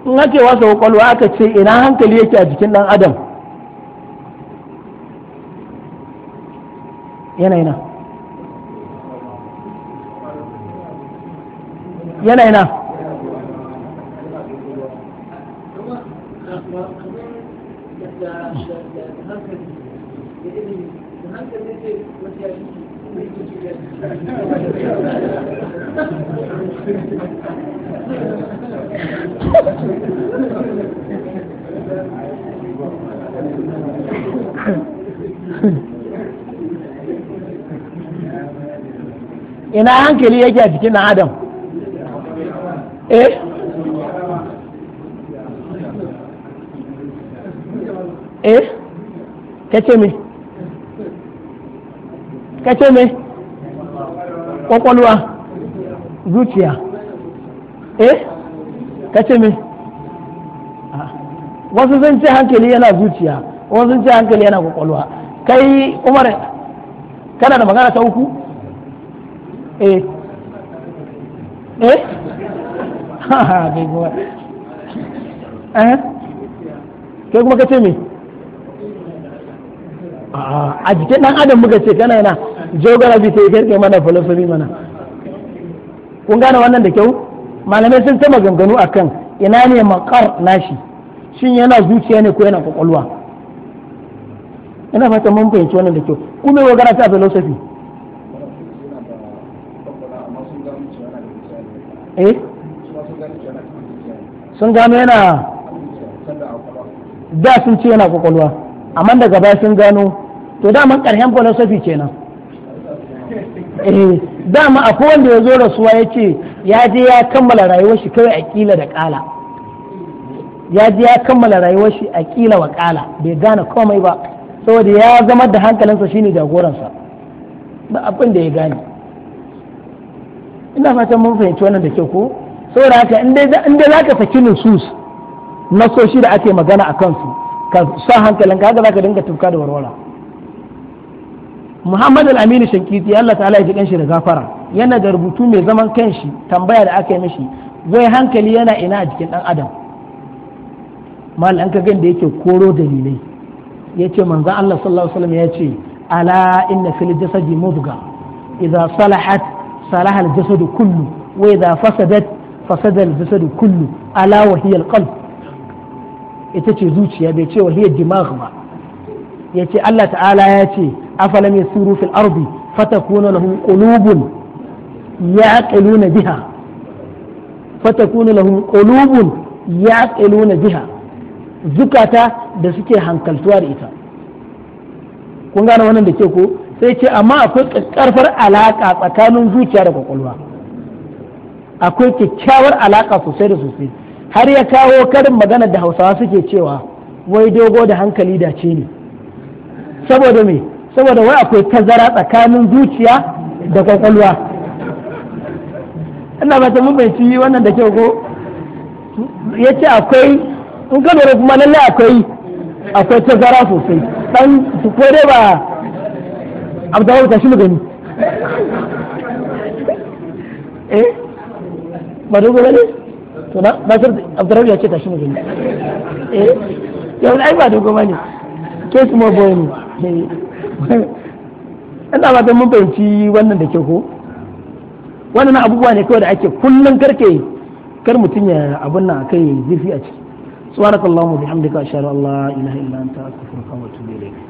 in ake wasa kwakwalwa aka ce ina hankali yake a jikin dan adam yana yana yana yana ina hankali yake a cikin na adam eh eh kace me kace me kwakwalwa zuciya eh kace me ah. wasu sun ce hankali yana zuciya wasu sun ce hankali yana kwakwalwa kai umar kana da magana ta uku eh eh ha bai kuma eh kai kuma ce me ah, a jikin dan adam muka ce kana yana geography sai kai kai mana philosophy mana kun gane wannan da kyau malamai sun ta maganganu akan ina ne makar nashi shin yana zuciya ne ko yana kwakwalwa ina fata mun fahimci wannan da kyau kuma yau gara ta philosophy eh sun gano yana da sun ce yana kwakwalwa amma daga baya sun gano to daman ƙarshen philosophy kenan eh dama akwai wanda ya zo rasuwa ya ce ya je ya kammala rayuwar shi kawai kila da ƙala ya je ya kammala rayuwar shi kila wa ƙala bai gane komai ba saboda ya zama da hankalinsa shine jagoransa ba abin ya gane ina fatan mun fahimci wannan da ke ko saboda haka in dai zaka saki nusus nasoshi da ake magana a kansu ka sa hankalin ka haka zaka dinga tufka da warwara Muhammad al-Aminu Shankiti Allah ta'ala ya jikan kanshi da gafara yana da rubutu mai zaman kanshi tambaya da aka yi mishi wai hankali yana ina a jikin dan adam mal an ka gan da yake koro dalilai yace manzo Allah sallallahu alaihi wasallam ya ala inna fil jasadi mudga idza salahat صلاح الجسد كله وإذا فسدت فسد الجسد كله ألا وهي القلب itace zuciya bai ce wahiyar dimagh ba ya ce Allah ta'ala ya ce afalam yasiru fil ardi fatakuna lahum qulubun yaqiluna biha fatakuna biha zukata da suke hankaltuwa da ita kun wannan ko sai ce amma akwai ƙarfar alaƙa tsakanin zuciya da kwakwalwa akwai kyakkyawar alaƙa sosai da sosai har ya kawo karin magana da hausawa suke cewa wai dogo da hankali da ce ne saboda me saboda wai akwai tazara tsakanin zuciya da kwakwalwa ina ba ta mun wannan da kyau ko ya ce akwai in ka kuma lallai akwai akwai tazara sosai dan ko dai ba abu da wata shi mu gani eh ba gobe ne to na nasir abdurrahman ya ce tashi mu gani eh yau ai ba gobe ne ke su mo boye ne eh, ina ba mun fahimci wannan da ke ko wannan abubuwa ne kawai da ake kullum karke kar mutum ya abun nan kai zirfi a ciki subhanakallahumma bihamdika ashhadu an la ilaha illa anta astaghfiruka wa atubu ilayk